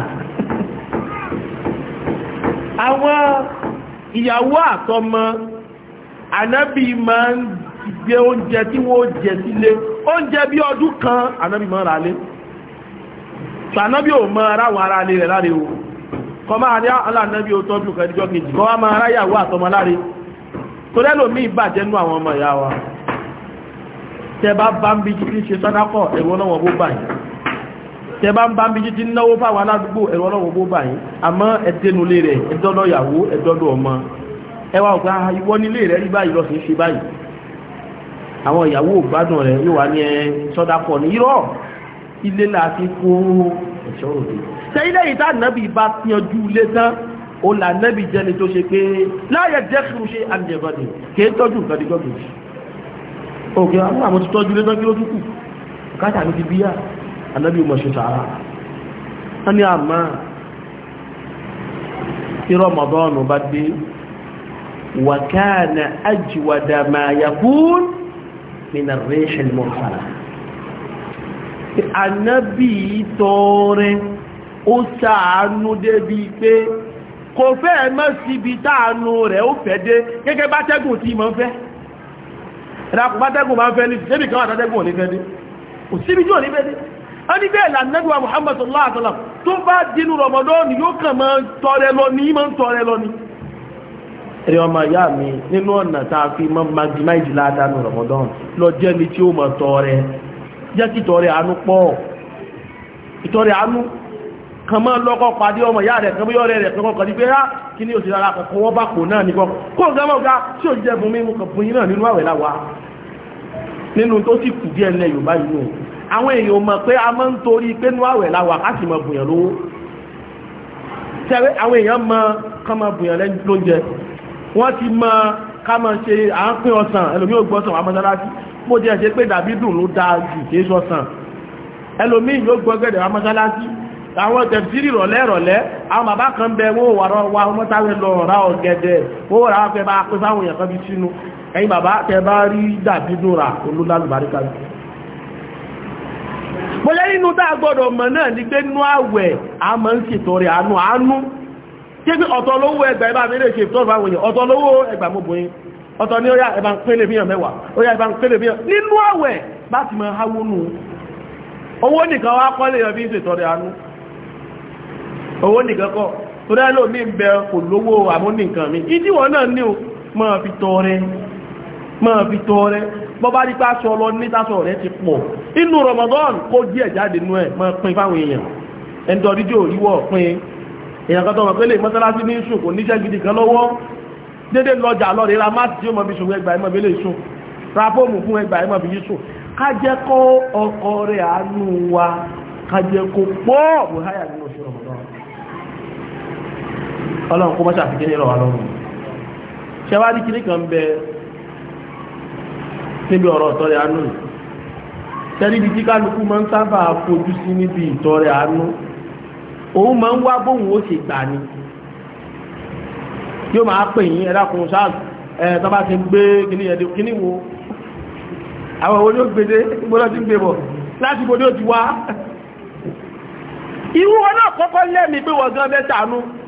àwọn ìyàwó àtọmọ ànábì máa ń gbé oúnjẹ tí wọ́n jẹ sílé oúnjẹ bí ọdún kan ànábì máa rà lé tànábì ò mọ́ aráwọ̀ ara lè rẹ̀ láre o kọmá àrí alánàbí ó tọ́jú kẹjọ́ kejì kọ́ wá máa ráyàwó àtọmọláre tó lẹ́lò mí ìbàjẹ́ nú àwọn ọmọ ìyá wa tẹ bá bá ń bí jíjí ṣe sọ́dákọ̀ ẹ̀rọ lọ́wọ́ bó báyìí tẹ bá ń bá ń bí jíjí náwó fáwọn aládùúgbò ẹ̀rọ lọ́wọ́ bó báyìí àmọ́ ẹ̀dẹ́nulé rẹ̀ ẹ̀dọ́dọ̀ ìyàwó ẹ̀dọ́dọ̀ ọmọ ẹwà ọ̀gá ah, ìwọ nílé rẹ̀ rí báyìí lọ́sìn ṣe báyìí àwọn ìyàwó ilé láti kó ẹ̀ṣọ́ òde ṣe ilé ìta nàbì bá tiyanjú ilé tán ó là nàbì jẹni tó ṣe pé láyé jẹ́ kúrú ṣe àjẹbọ̀dì kìí tọ́jú nǹkan díjọ́ kejì òkè àwọn àmọ́ ti tọ́jú ilé tán kí ló tún kù káàtà ló ti bí yà ṣe sàárà wọ́n ní àmọ́ tí ó ṣàánú débi pé kò fẹ́ mọ́ síbi táànú rẹ̀ ó fẹ́ dé gẹ́gẹ́ bá tẹ́gùn tí mọ́ fẹ́ ẹ̀dàkùn bá tẹ́gùn bá fẹ́ ní débi kan àtàtẹ́gùn òní fẹ́ dé kò síbi tí òní fẹ́ dé a ní bẹ́ẹ̀ lànàdùwà Muhammad sallallahu alaihi wasallam tó bá dínú Ramadan yóò kàn mọ́ tọrẹ lọ ní mọ́ tọrẹ lọ ní ẹ̀rẹ̀ ọmọ ìyá mi nínú Ramadan lọ jẹ́ mi tí ó mọ̀ tọrẹ jẹ́ kí tọrẹ àánú pọ̀ ìtọrẹ àánú kan mọ́ lọ́kọ́ pàdé ọmọ ìyá rẹ̀ kan bí ọ̀rẹ́ rẹ̀ kan kọ̀dí pé rá ah, kí ní òṣèrè ara kọ̀kọ́ wọ́n bá kò náà ní kọ́ kó gbẹ́mọ̀ ga tí ò jẹ́ bùnmí mú kàn bùnmí náà nínú àwẹ̀ láwa nínú tó sì kù díẹ̀ lẹ Yorùbá inú àwọn èèyàn mọ̀ pé a máa ń torí pé nú àwẹ̀ láwa ká sì mọ̀ bùyàn lówó tẹ́rẹ́ àwọn èèyàn mọ̀ ká mọ̀ bùyàn lóúnjẹ wọ́n ti mọ̀ ká mọ̀ ṣe à ń pín ọsàn ẹlòmíì ò gbọ́sàn amọ́sálásí bó jẹ́ ṣe pé dàbí dùn ló dáa jù kì í sọ̀sàn ẹlòmíì yóò gbọ́gẹ̀dẹ̀ amọ́sálásí àwọn tẹ̀fìrì rọ̀lẹ́ rọ̀lẹ́ àwọn bàbá kan bẹ wọ́n wà wa mọ́tàwé lọ ra ọ̀gẹ̀dẹ̀ wọ́n rà wọ́n fẹ́ bá pín fáwọn èèyàn kan bí sínú ẹ̀yin bàbá tẹ bá rí dàbí dùnra olúlálùbáríkà mo lẹ́ nínú tá a gbọ́dọ̀ mọ̀ náà ní pé nú àwẹ̀ a máa ń ṣètọrẹ àánú àánú tí pé ọ̀tọ̀ lówó ẹgbà ẹbá mi lè ṣe ìtọ́rọ fáwọn èèyàn ọ̀tọ̀ lówó ẹgbà mọ́bìnrin ọ̀tọ̀ ní ọya ẹbá ń pẹ́lẹ̀ fíyàn mẹ́wàá ọya ẹbá ń pẹ́lẹ̀ fíyàn nínú àwẹ̀ bá ti mọ̀ háwónú owó nìkan wá kọ́lé yọ bí ń ṣètọrẹ àánú owó nìkan kọ́ tó dá lómi ń bẹ kò lówó àmúnìkan mi ìdí wọn náà ní o máa fi tọrẹ máa fi tọrẹ bọ́bá rí pé aṣọ lọ ní tásọ rẹ ti pọ̀ inú Ramadan kó díẹ̀ jáde nú ẹ̀ máa pín fáwọn èèyàn ẹni tó díjò ríwọ̀ pín èèyàn kan tó mọ̀ pé lè mọ́sálásí ní sùn kò níṣẹ́ gidi kan lọ́wọ́ dédé lọ́jà lọ́rẹ̀ ra máàtì tí ó mọ̀ fi sùn ẹgbàá ẹmọ̀ bẹ́lẹ̀ sùn ra fóòmù fún ẹgbàá ẹmọ̀ fi yí sùn ká jẹ́ kó ọkọ rẹ̀ àánú wa ká jẹ́ kó pọ̀ ọlọ́run kó mọ́ṣà fi kíní rọ̀ wá lọ́rùn ṣẹwádìí kíní kan bẹ níbi ọ̀rọ̀ ìtọrẹ àánú tẹ́lí ibi tí kálukú máa ń sábà fojú sí níbi ìtọrẹ àánú òun máa ń wá bóun ó ṣe gbà ni yóò máa pè yín ẹ̀dàkùn ṣáàtù ẹ̀ tọ́bá ti gbé kìíní ẹ̀dẹ̀ kìíní wo àwọn olóò gbèdé gbọ́dọ̀ ti ń gbé bọ̀ láti gbọ́dọ̀ ti wá irú ọ̀nà lẹ́mìí pé wọ́n gan bẹ́ tàánú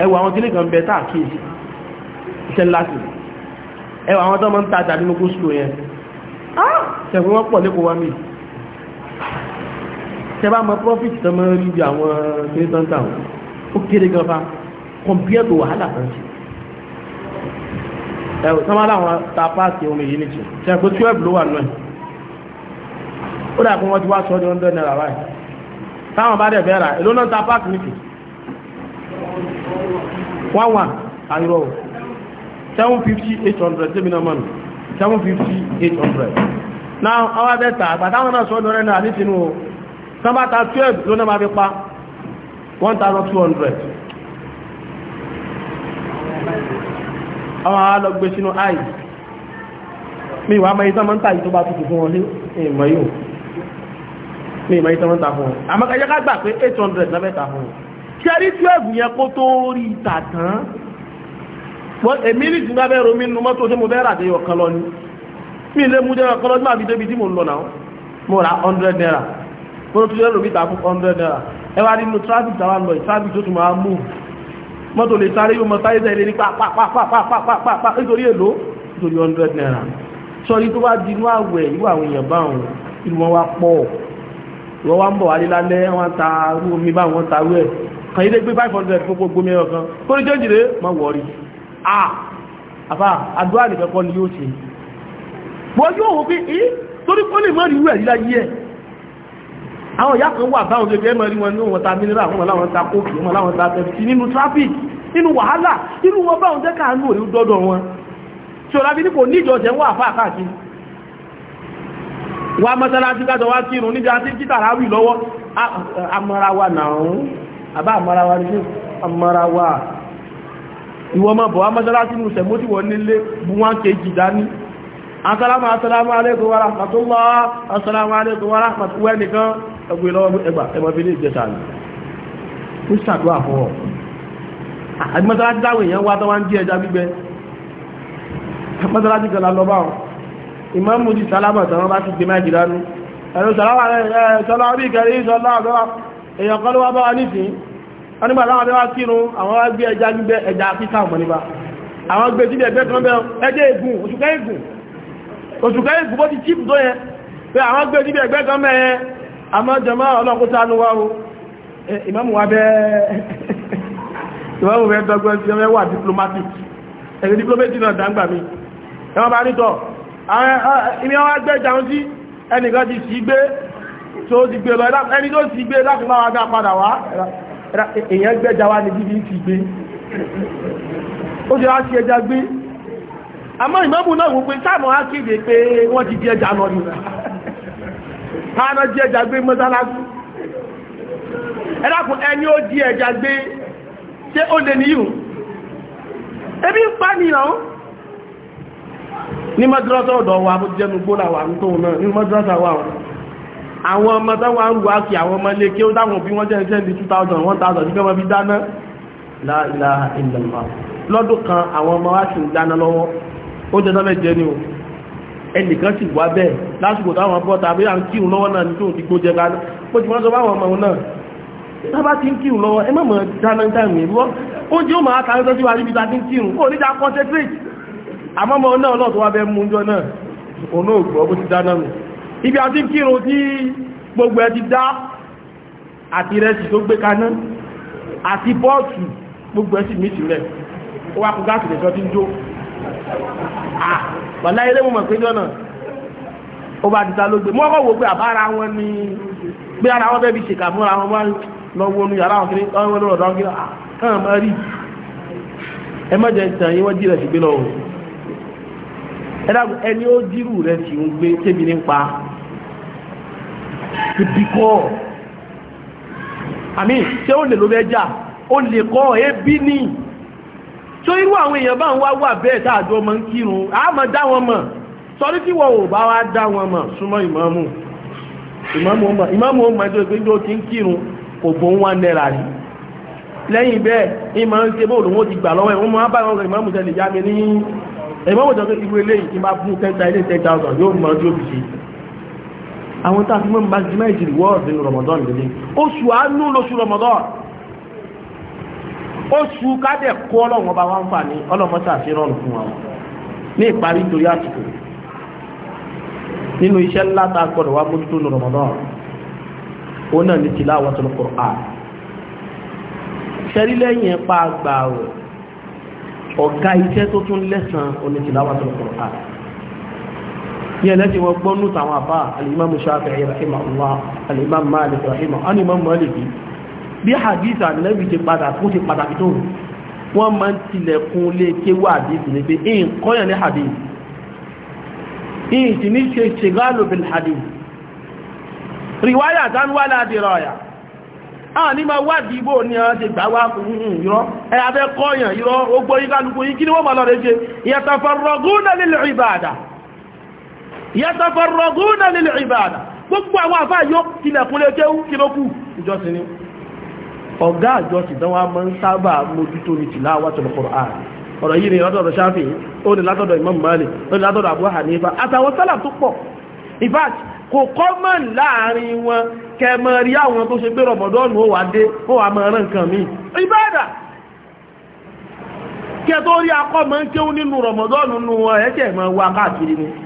ẹwà àwọn kílé kan bẹ táà kíyèsí iṣẹ́ láti ẹwà àwọn tó mọ́ ń tajà nínú gúúsùlò yẹn ah! ṣẹ̀fún wọ́n pọ̀ lẹ́kọ̀ọ́ wámi tẹbá mọ́ profit tó mọ́ rí bí àwọn kìrìtọ́ntà ó kéré gan fa compare to wàhálà kan sí ẹ̀rù tán máa láwọn ta páàkì omi yìí nìtì ṣẹ̀kú 12 ló wà náà ó dà kún wọ́n ti wá sọ́ọ́ ní 100 naira báyìí táwọn bá dẹ̀ bẹ́ẹ̀ one one àìrọ̀ seven fifty eight hundred tẹ́mi náà mọ́nù seven fifty eight hundred now àwọn abẹ́ta àgbàtàwọn náà sọ́dọ̀ rẹ̀ náà àdísínú o sábàtà twelve ló náà máa fi pa one thousand two hundred àwọn alọ́gbé sínú àì mi ìwà mẹ́yí tán máa ń tàyí tó bá tutù fún wọn ní ìmọ̀ yóò mi ìmọ̀ yí tán máa ń tà fún wọn àmọ́kẹ́jẹ́ ká gbà pé eight hundred náà mẹ́ta fún wọn ṣẹ́rí twelve yẹn kó tó rí ìta tán èmi ní ìdúgbà bẹ́ẹ̀ romi nínú mọ́tò tí mo fẹ́ rà dé ọ̀kan lọ ni mi lè mú jẹ́ ọ̀kan lọ nígbà bíi débi tí mo ń lọ náà mo ra hundred naira mo tún lè romi ta fún hundred naira ẹ wá nínú traffic táwa lọ traffic tó tún máa mú mọ́tò lè sáré yóò mọ táyé sẹ́yìn lé ní pàpàpàpàpàpàpà nítorí èlò nítorí hundred naira sọ́ni tó bá di inú àwẹ̀ irú àwọn èèyàn báwọn ìlú wọn wá pọ̀ wọ́n wá ń bọ̀ wálé lálẹ́ wọ́n ta omi báwọn ta rú ẹ̀ kàn ilé gbé 500 fún gbogbo mẹ́rọ kan tó ní jẹ́jì rẹ̀ mọ́ wọ̀rí àbá àdúrà nìkan kọ́ ni yóò ṣe wọ́n yóò wọ́n pé ẹ́ torí kó lè mọ́rí ìwé ìlà yí ẹ̀ àwọn ìyá kan wà báwọn bèbè ẹmọ rí wọn ní wọn ta mineral àwọn aláwọn ta kókì wọn aláwọn ta pepsi nínú traffic nínú wàhálà nínú wọn báwọn jẹ́ káàánú òní dọ́dọ̀ wọn tí ọ̀làbí ní kò ní ìjọsẹ̀ ń wà fà káàkiri wà mọ́sálásí kájọ wá kírun níbi àti títàràwì lọ́wọ́ amọ́ra wà náà àbá àmọ́ra wa ní àmọ́ra wa ìwọ ma bọ̀ wá mọ́sálásí mú sẹ̀mọ́tí wọ nílé bú wá kéjì dání asalama asalama alaikum wa rahmatullah asalama alaikum wa rahmatullah nìkan ẹgbẹ̀ lọ́wọ́ ẹgbà ẹgbẹ̀bẹ̀lẹ̀ ìjẹta ni ó ṣàdúrà fún ọ àti mọ́sálásí dáwọ̀ èèyàn wá tán wá ń jí ẹja gbígbẹ mọ́sálásí kan lọ bá wa nísìnyí wọ́n nígbà láwọn abẹ́wà kírun àwọn wá gbé ẹja gbígbẹ́ ẹja áfíríkà ọmọ nípa àwọn gbé sílẹ̀ ẹgbẹ́ tó ń bẹ ẹjẹ́ ègùn òṣùkẹ́ ègùn òṣùkẹ́ ègùn bó ti chíìpù tó yẹ pé àwọn gbé sílẹ̀ ẹgbẹ́ tó ń bẹ yẹn àmọ́ jẹmọ́ ọlọ́kún sánú wá o ìmáàmù wa bẹ́ <laughs> ìmáàmù bẹ́ dọ́gbọ́n sí ọmọ wà diplomatic ẹ̀rí diplomatic náà dáńgbà mi ẹwọ́n bá nítọ̀ ìmí àwọn agbẹ́ ìjàun sí ẹnìkan ti sí gbé tó ti gbé lọ ẹni tó sì gbé láti máa wá dá padà wá èèyàn gbẹ́ja wá ní bíbí ti gbé ó jẹ́ wá sí ẹja gbé àmọ́ ìmáàmù náà wò pé táàmù á kéde pé wọ́n ti di ẹja lọ ní táàmù di ẹja gbé mọ́sálásí ẹ̀dàkùn ẹni ó di ẹja gbé ṣé ó lè níyù ebi ń pa nìyàn ní madrasa ọ̀dọ̀ wa bó jẹ́nu gbóná wà ní tóun náà ní madrasa wà wọn àwọn ọmọ táwọn arúgbó àti àwọn ọmọ ilé kí ó dáwọn bí wọ́n jẹ́ ẹ̀ṣẹ́ ní 2000 1000 nígbà wọn dáná la ilaha illallah lọ́dún kan àwọn ọmọ wa sì ń dáná lọ́wọ́ ó jẹ́ tọ́lẹ̀ jẹ́ ni o ẹnìkan sì wá bẹ́ẹ̀ lásìkò táwọn bọ́ tàbí à ń kírun lọ́wọ́ náà ní tó ti gbó jẹ kaná ó ti wọ́n sọ fáwọn ọmọ náà tábà concentrate àmọ́mọ́ náà náà tó wá bẹ́ẹ̀ mú oúnjẹ náà ibi àti kírun tí gbogbo ẹ ti dá àti rẹsì tó gbé kaná àti bọ́ọ̀sù gbogbo ẹ sì mìtì rẹ̀ ó wá kú gáàsì lẹ́sọ́ tí ń jó àbàlá ilé mọ̀ pé jọ́nà ó bá dìta ló gbé mọ́ ọkọ̀ wò pé àbára wọn ni pé ara wọn bẹ́ẹ̀ fi ṣèkà múra wọn wá lọ́wọ́ onú yàrá wọn kiri ọwọ́ lọ́rọ̀ dán kiri kàn má rí ẹ má jẹ ìtàn wọ́n jí rẹ̀ sí gbé lọ́wọ́ ẹni ó jírù rẹ̀ sì ń gbé tẹ́bi ní pa láti bí kọ́ àmì ṣé ó lè ló mẹ́jà ó lè kọ́ ẹbí ní tó irú àwọn èèyàn bá ń wá wà bẹ́ẹ̀ táàjọ ọmọ ń kírun a máa dá wọn mọ̀ sọrí tí wọn ò bá wá dá wọn mọ̀ súnmọ́ ìmáàmù ìmáàmù ọmọ ẹjọ́ ìpínlẹ̀ tí ń kírun kò bó ń wá náírà rí lẹ́yìn bẹ́ẹ̀ ìmọ̀ ń ṣe bóòlù wọn ti gbà lọ́wọ́ ẹ̀ wọ́n máa bá wọn ìmáàmù tẹ̀lé yá mi ní ìmáàmù tẹ̀lé ìwé lẹ́yìn tí máa fún ten thousand àwọn tá a fi mọ́ maximize reward nínú Ramadan lè ní oṣù àánú lóṣù Ramadan oṣù kádẹ̀ kó ọlọ́run ọba wa ń fà ní ọlọ́mọta àti rọrùn fún wa ní ìparí torí àsìkò nínú iṣẹ́ ńlá tá a gbọ́dọ̀ wá mójútó ní Ramadan ó náà ní tilawatul Qur'an ṣẹ́rí lẹ́yìn ẹ̀pá àgbà ọ̀gá iṣẹ́ tó tún lẹ́sàn-án ó ní tilawatul Qur'an yẹn lẹ́sìn wọn gbọ́n nù tàwọn àbá alimami shafi'i rahimahullah alimami malik rahimahullah alimami malik bí hadith anabi ti padà kó ti pàtàkì tó wọ́n máa ń tilẹ̀kùn lé kéwà hadith ní pé ẹ̀yìn kọ́yàn ní hadith ẹ̀yìn sì ní ṣe ṣègálò bil hadith riwaya tán wà láti rọ̀yà àwọn ní ma wádìí bò ní àwọn ti gbàwà ìrọ́ ẹ̀yà fẹ́ kọ́yàn ìrọ́ ogbó yíkálukú yí kí ni wọ́n mọ̀ lọ́rẹ́ yatafarraguna lil ibada gbogbo àwọn àfáà yóò tilẹ̀kúnlé kéwú kí ló kù ìjọsìn ni ọ̀gá àjọsìn tán wá mọ́ ń sábà mójútó ní tilawatul Qur'an ọ̀rọ̀ yìí ni látọ̀dọ̀ Ṣáfì ó ní látọ̀dọ̀ Imam Malik ó ní látọ̀dọ̀ Abu Hanifa àtàwọn sálà tó pọ̀ in fact kò common láàrin wọn kẹmọ rí àwọn tó ṣe pé rọmọdọ́nù ó wà dé ó wà mọ̀ ọ̀rán nǹkan mi ìbádà ẹ̀kẹ́ mọ̀ wá káàkiri ni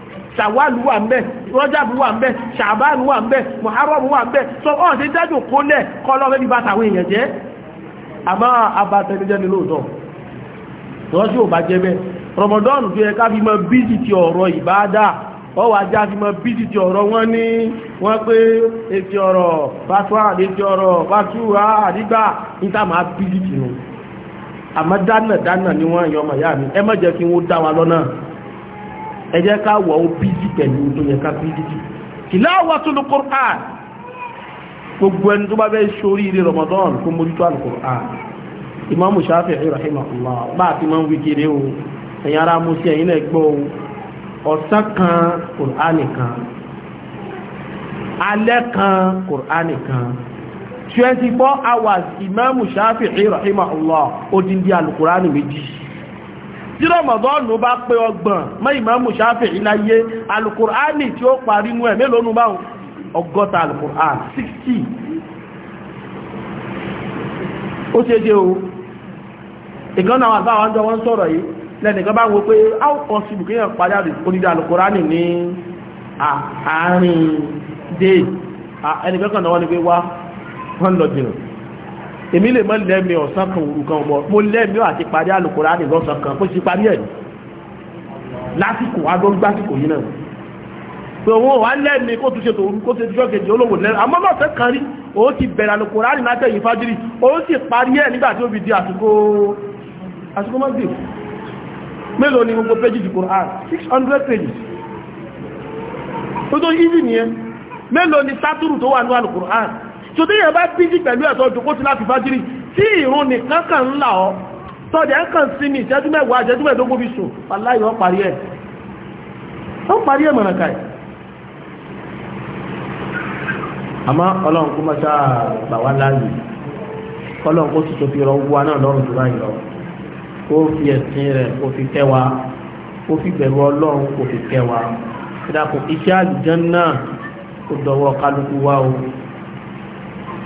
ṣàwálù wà ń bẹ rọ́jàbù wà ń bẹ ṣàbánù wà ń bẹ mọ̀hárọ̀mù wà ń bẹ sọ ọ́n ṣe dájò kólẹ̀ kọ́lọ́ mẹ́bí bá tàwọn èèyàn jẹ́ àmá abatẹnijẹ́ ni lóòótọ́ rọ́ṣì ò bá jẹ́ bẹ́ rọmọdọ́nù tó yẹ ká fi mọ bíjì ti ọ̀rọ̀ ìbáadà ọwọ́ ajá fi mọ bíjì ti ọ̀rọ̀ wọn ní wọ́n pé ètì ọ̀rọ̀ fatuwa àdéjì ni wọ́n yọ ọmọ ìyá mi ẹ jẹ́ ká wà ó bíjì pẹ̀lú tó yẹ ká bíjì tilawatul Qur'an gbogbo ẹni tó bá bẹ́ sórí ilé Ramadan kó mójútó al-Qur'an Imam Shafi'i rahimahullah bá a ti máa ń wí kéré o ẹ̀yin ará mo sí ẹ̀yin náà o ọ̀sán kan Qur'an nìkan alẹ́ kan Qur'an nìkan 24 hours Imam Shafi'i rahimahullah ó dín dí al méjì tí rọmọdọ́nù bá pé ọgbọ̀n mọ́ ìmáàmù Ṣáfi'í láyé alukur'ani tí ó parí inú ẹ̀ mélòó nù báwọn ọgọ́ta alukur'an 60 ó ṣe jẹ́ o ìgọ́nà àwọn àbáwọn ọjọ́ wọ́n sọ̀rọ̀ yìí lẹ́nìkan bá wo pé how possible kí èèyàn parí onídà alukur'ani ní àárín dé ẹnìkan kan náà wọ́n ni pé wá 100 èmi lè mọ́ lẹ́mí ọ̀sán kan òru kan ọmọ mo lẹ́mí àti parí àlùkòrá nìkan ọ̀sán kan kó sì parí ẹ̀ lásìkò agbóngbásìkò yìí náà pé òun wà lẹ́mí kó tún ṣe tòun kó ṣe jọ́ kejì olówó lẹ́mí àmọ́ náà fẹ́ kan rí ó ti bẹ̀rẹ̀ àlùkòrá nì látẹ̀ yìí fájírì ó sì parí ẹ̀ nígbà tí ó fi di àsìkò àsìkò mọ́gbì mélòó ni gbogbo pages Quran six hundred pages tó tó yí nìyẹn mélòó ni sátúrù tó wà ní àlùkòrán tó tí yẹn bá bíjì pẹ̀lú ẹ̀tọ́ òjòkó ti láti fájírì tí ìrún nìkan kan ń là ọ́ tọ́jẹ́ ń kàn sí ní ìṣẹ́jú mẹ́wàá ìṣẹ́jú mẹ́ẹ̀dógún fi sùn aláyọ̀ ó parí ẹ̀ ó parí ẹ̀ mọ̀nàkà ẹ̀ àmọ́ ọlọ́run kó mọ́ṣá gbà wá láàyè ọlọ́run kó sì tó fi rọ wá náà lọ́rùn tó báyìí lọ kó fi ẹ̀sìn rẹ̀ iṣẹ́ àlùjànnà náà kó dọwọ́ kálukú wá o.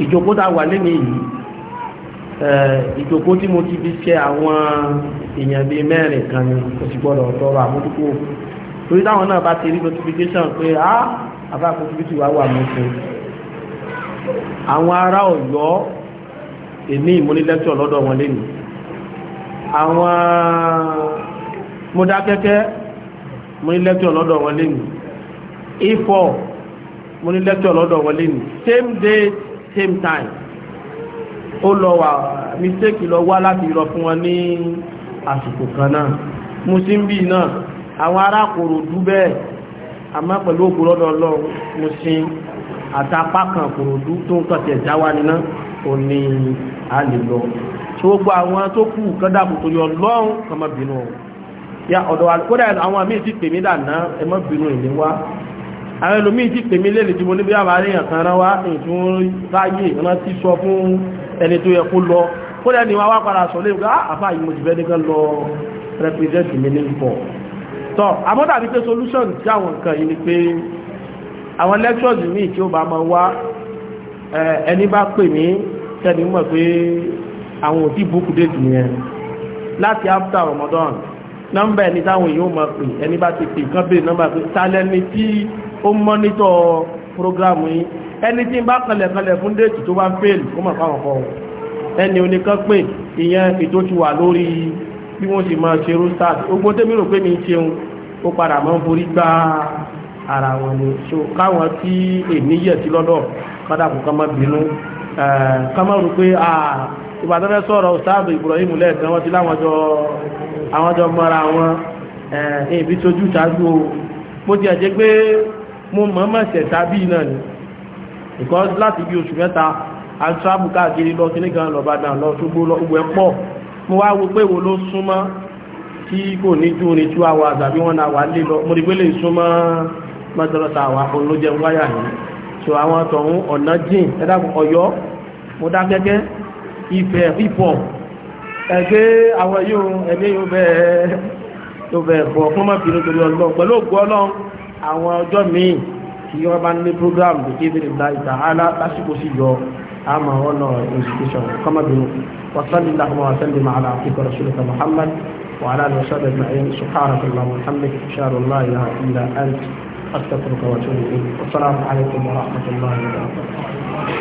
ìjókòó tá a wà lẹ́nu yìí eh, ìjókòó tí mo ti fi ṣe àwọn èèyàn bíi mẹ́rin kan ni kò sì gbọ́dọ̀ tọrọ àmójúkò torí táwọn náà bá ti rí notification pé á ah, àbá kòtìbìtì wà wà mọ́tò àwọn ará Ọ̀yọ́ èmi ìmúnilẹ́tọ̀ lọ́dọ̀ wọn lẹ́nu àwọn Mọ́dákẹ́kẹ́ múnilẹ́tọ̀ lọ́dọ̀ wọn lẹ́nu Ifọ̀ múnilẹ́tọ̀ lọ́dọ̀ wọn lẹ́nu same date same time ó lọ wà mistake lọ wá láti lọ fún wọn ní àsìkò kan náà musimbi náà àwọn ará Kòròdú àmọ́ pẹ̀lú òkúrọ́dọ̀ ọlọ́run musim àtàpá kan Kòròdú tó ń kọ̀tẹ̀ jáwá níná ò ní a lè lọ tí ó gbọ́ àwọn tó kù kọ́dàkù tó yọ lọ́run kọmọbìnú ya ọ̀dọ̀ àkódà àwọn àmì ìsìnkèmí dàná ẹmọ́bìnú ìléwá àwọn ẹlòmíì tí pèmí lẹ́lẹ̀ tí mo níbi àbáríyàn kan rán wá ìtún ráyè rántí sọ fún ẹni tó yẹ kó lọ kó lẹ́ni wá wá padà sọ lé ah, àfà yìí mo ti fẹ́ lọ represent mi ní pọ̀ tọ́ àmọ́dàbí pé solution tí àwọn nǹkan yìí ni pé àwọn lectures míì tí ó bá máa wá ẹni bá pè mí tẹ́ni mọ̀ pé àwọn òtí búkú déètì yẹn láti after Ramadan nọ́mbà ẹni táwọn èèyàn máa pè ẹni bá ti pè kán bèrè nọ́mbà pé ta lẹni tí ó mọ́nítọ̀ prógrámù yìí ẹni tí ń bá kalẹ̀kalẹ̀ fún déètì tó bá ń fèèlì ó mọ̀ fáwọn kọ́ ẹni oníkan pè ìyẹn ètò ti wà lórí bí wọ́n sì máa ṣe rústàt ogun tẹ́mi rò pé mi ń ṣeun ó padà máa ń gbá ara wọn ni so káwọn tí èmi yẹ̀ sí lọ́dọ̀ padà kò ká má bínú ká má rò pé ìbàdàn fẹ́ sọ̀rọ̀ ọ̀sáàbù Ibrahim lẹ́ẹ̀kan wọ́n ti láwọn jọ àwọn jọ mọ́ra wọn ẹ̀ẹ́dì tójú ṣáájú o mo ti ẹ̀ jẹ́ pé mo mọ̀ọ́mọ̀ ṣẹ̀ṣà bíi náà ni because láti bí oṣù mẹ́ta and travel káàkiri lọ sí nìkan lọ Ìbàdàn lọ ṣùgbọ́n lọ ìwẹ̀ pọ̀ mo wá wo pé wo ló súnmọ́ tí kò ní ju ní two hours àbí one hour lé lọ mo rí pé lè súnmọ́ mọ́tọ́lọ́ta àwa kan ló jẹun wáyà yìí so àwọn tọ̀hún ọ̀nà jìn ẹ̀dàkùn Ọ̀yọ́ mo dá gẹ́gẹ́ Ifẹ̀ Ifọ̀ ẹgbẹ́ àwọn yóò ẹgbẹ́ yóò bẹ́ẹ̀ fọ́ fún mọ́ àwọn ọjọ́ míì tí wọ́n bá ní program tó kí ìdílé ìlà ìtàhálà lásìkò sí yọ àmà ọ̀nà institution kọ́mọ̀bìnú wasalli lahumma wasalli ma'ala akika rasulika muhammad wa ala alihi wasalli ma'in subhanaka allahumma hamdika ashhadu an la ilaha illa anta astaghfiruka wa atubu ilayk wa assalamu alaykum wa rahmatullahi wa barakatuh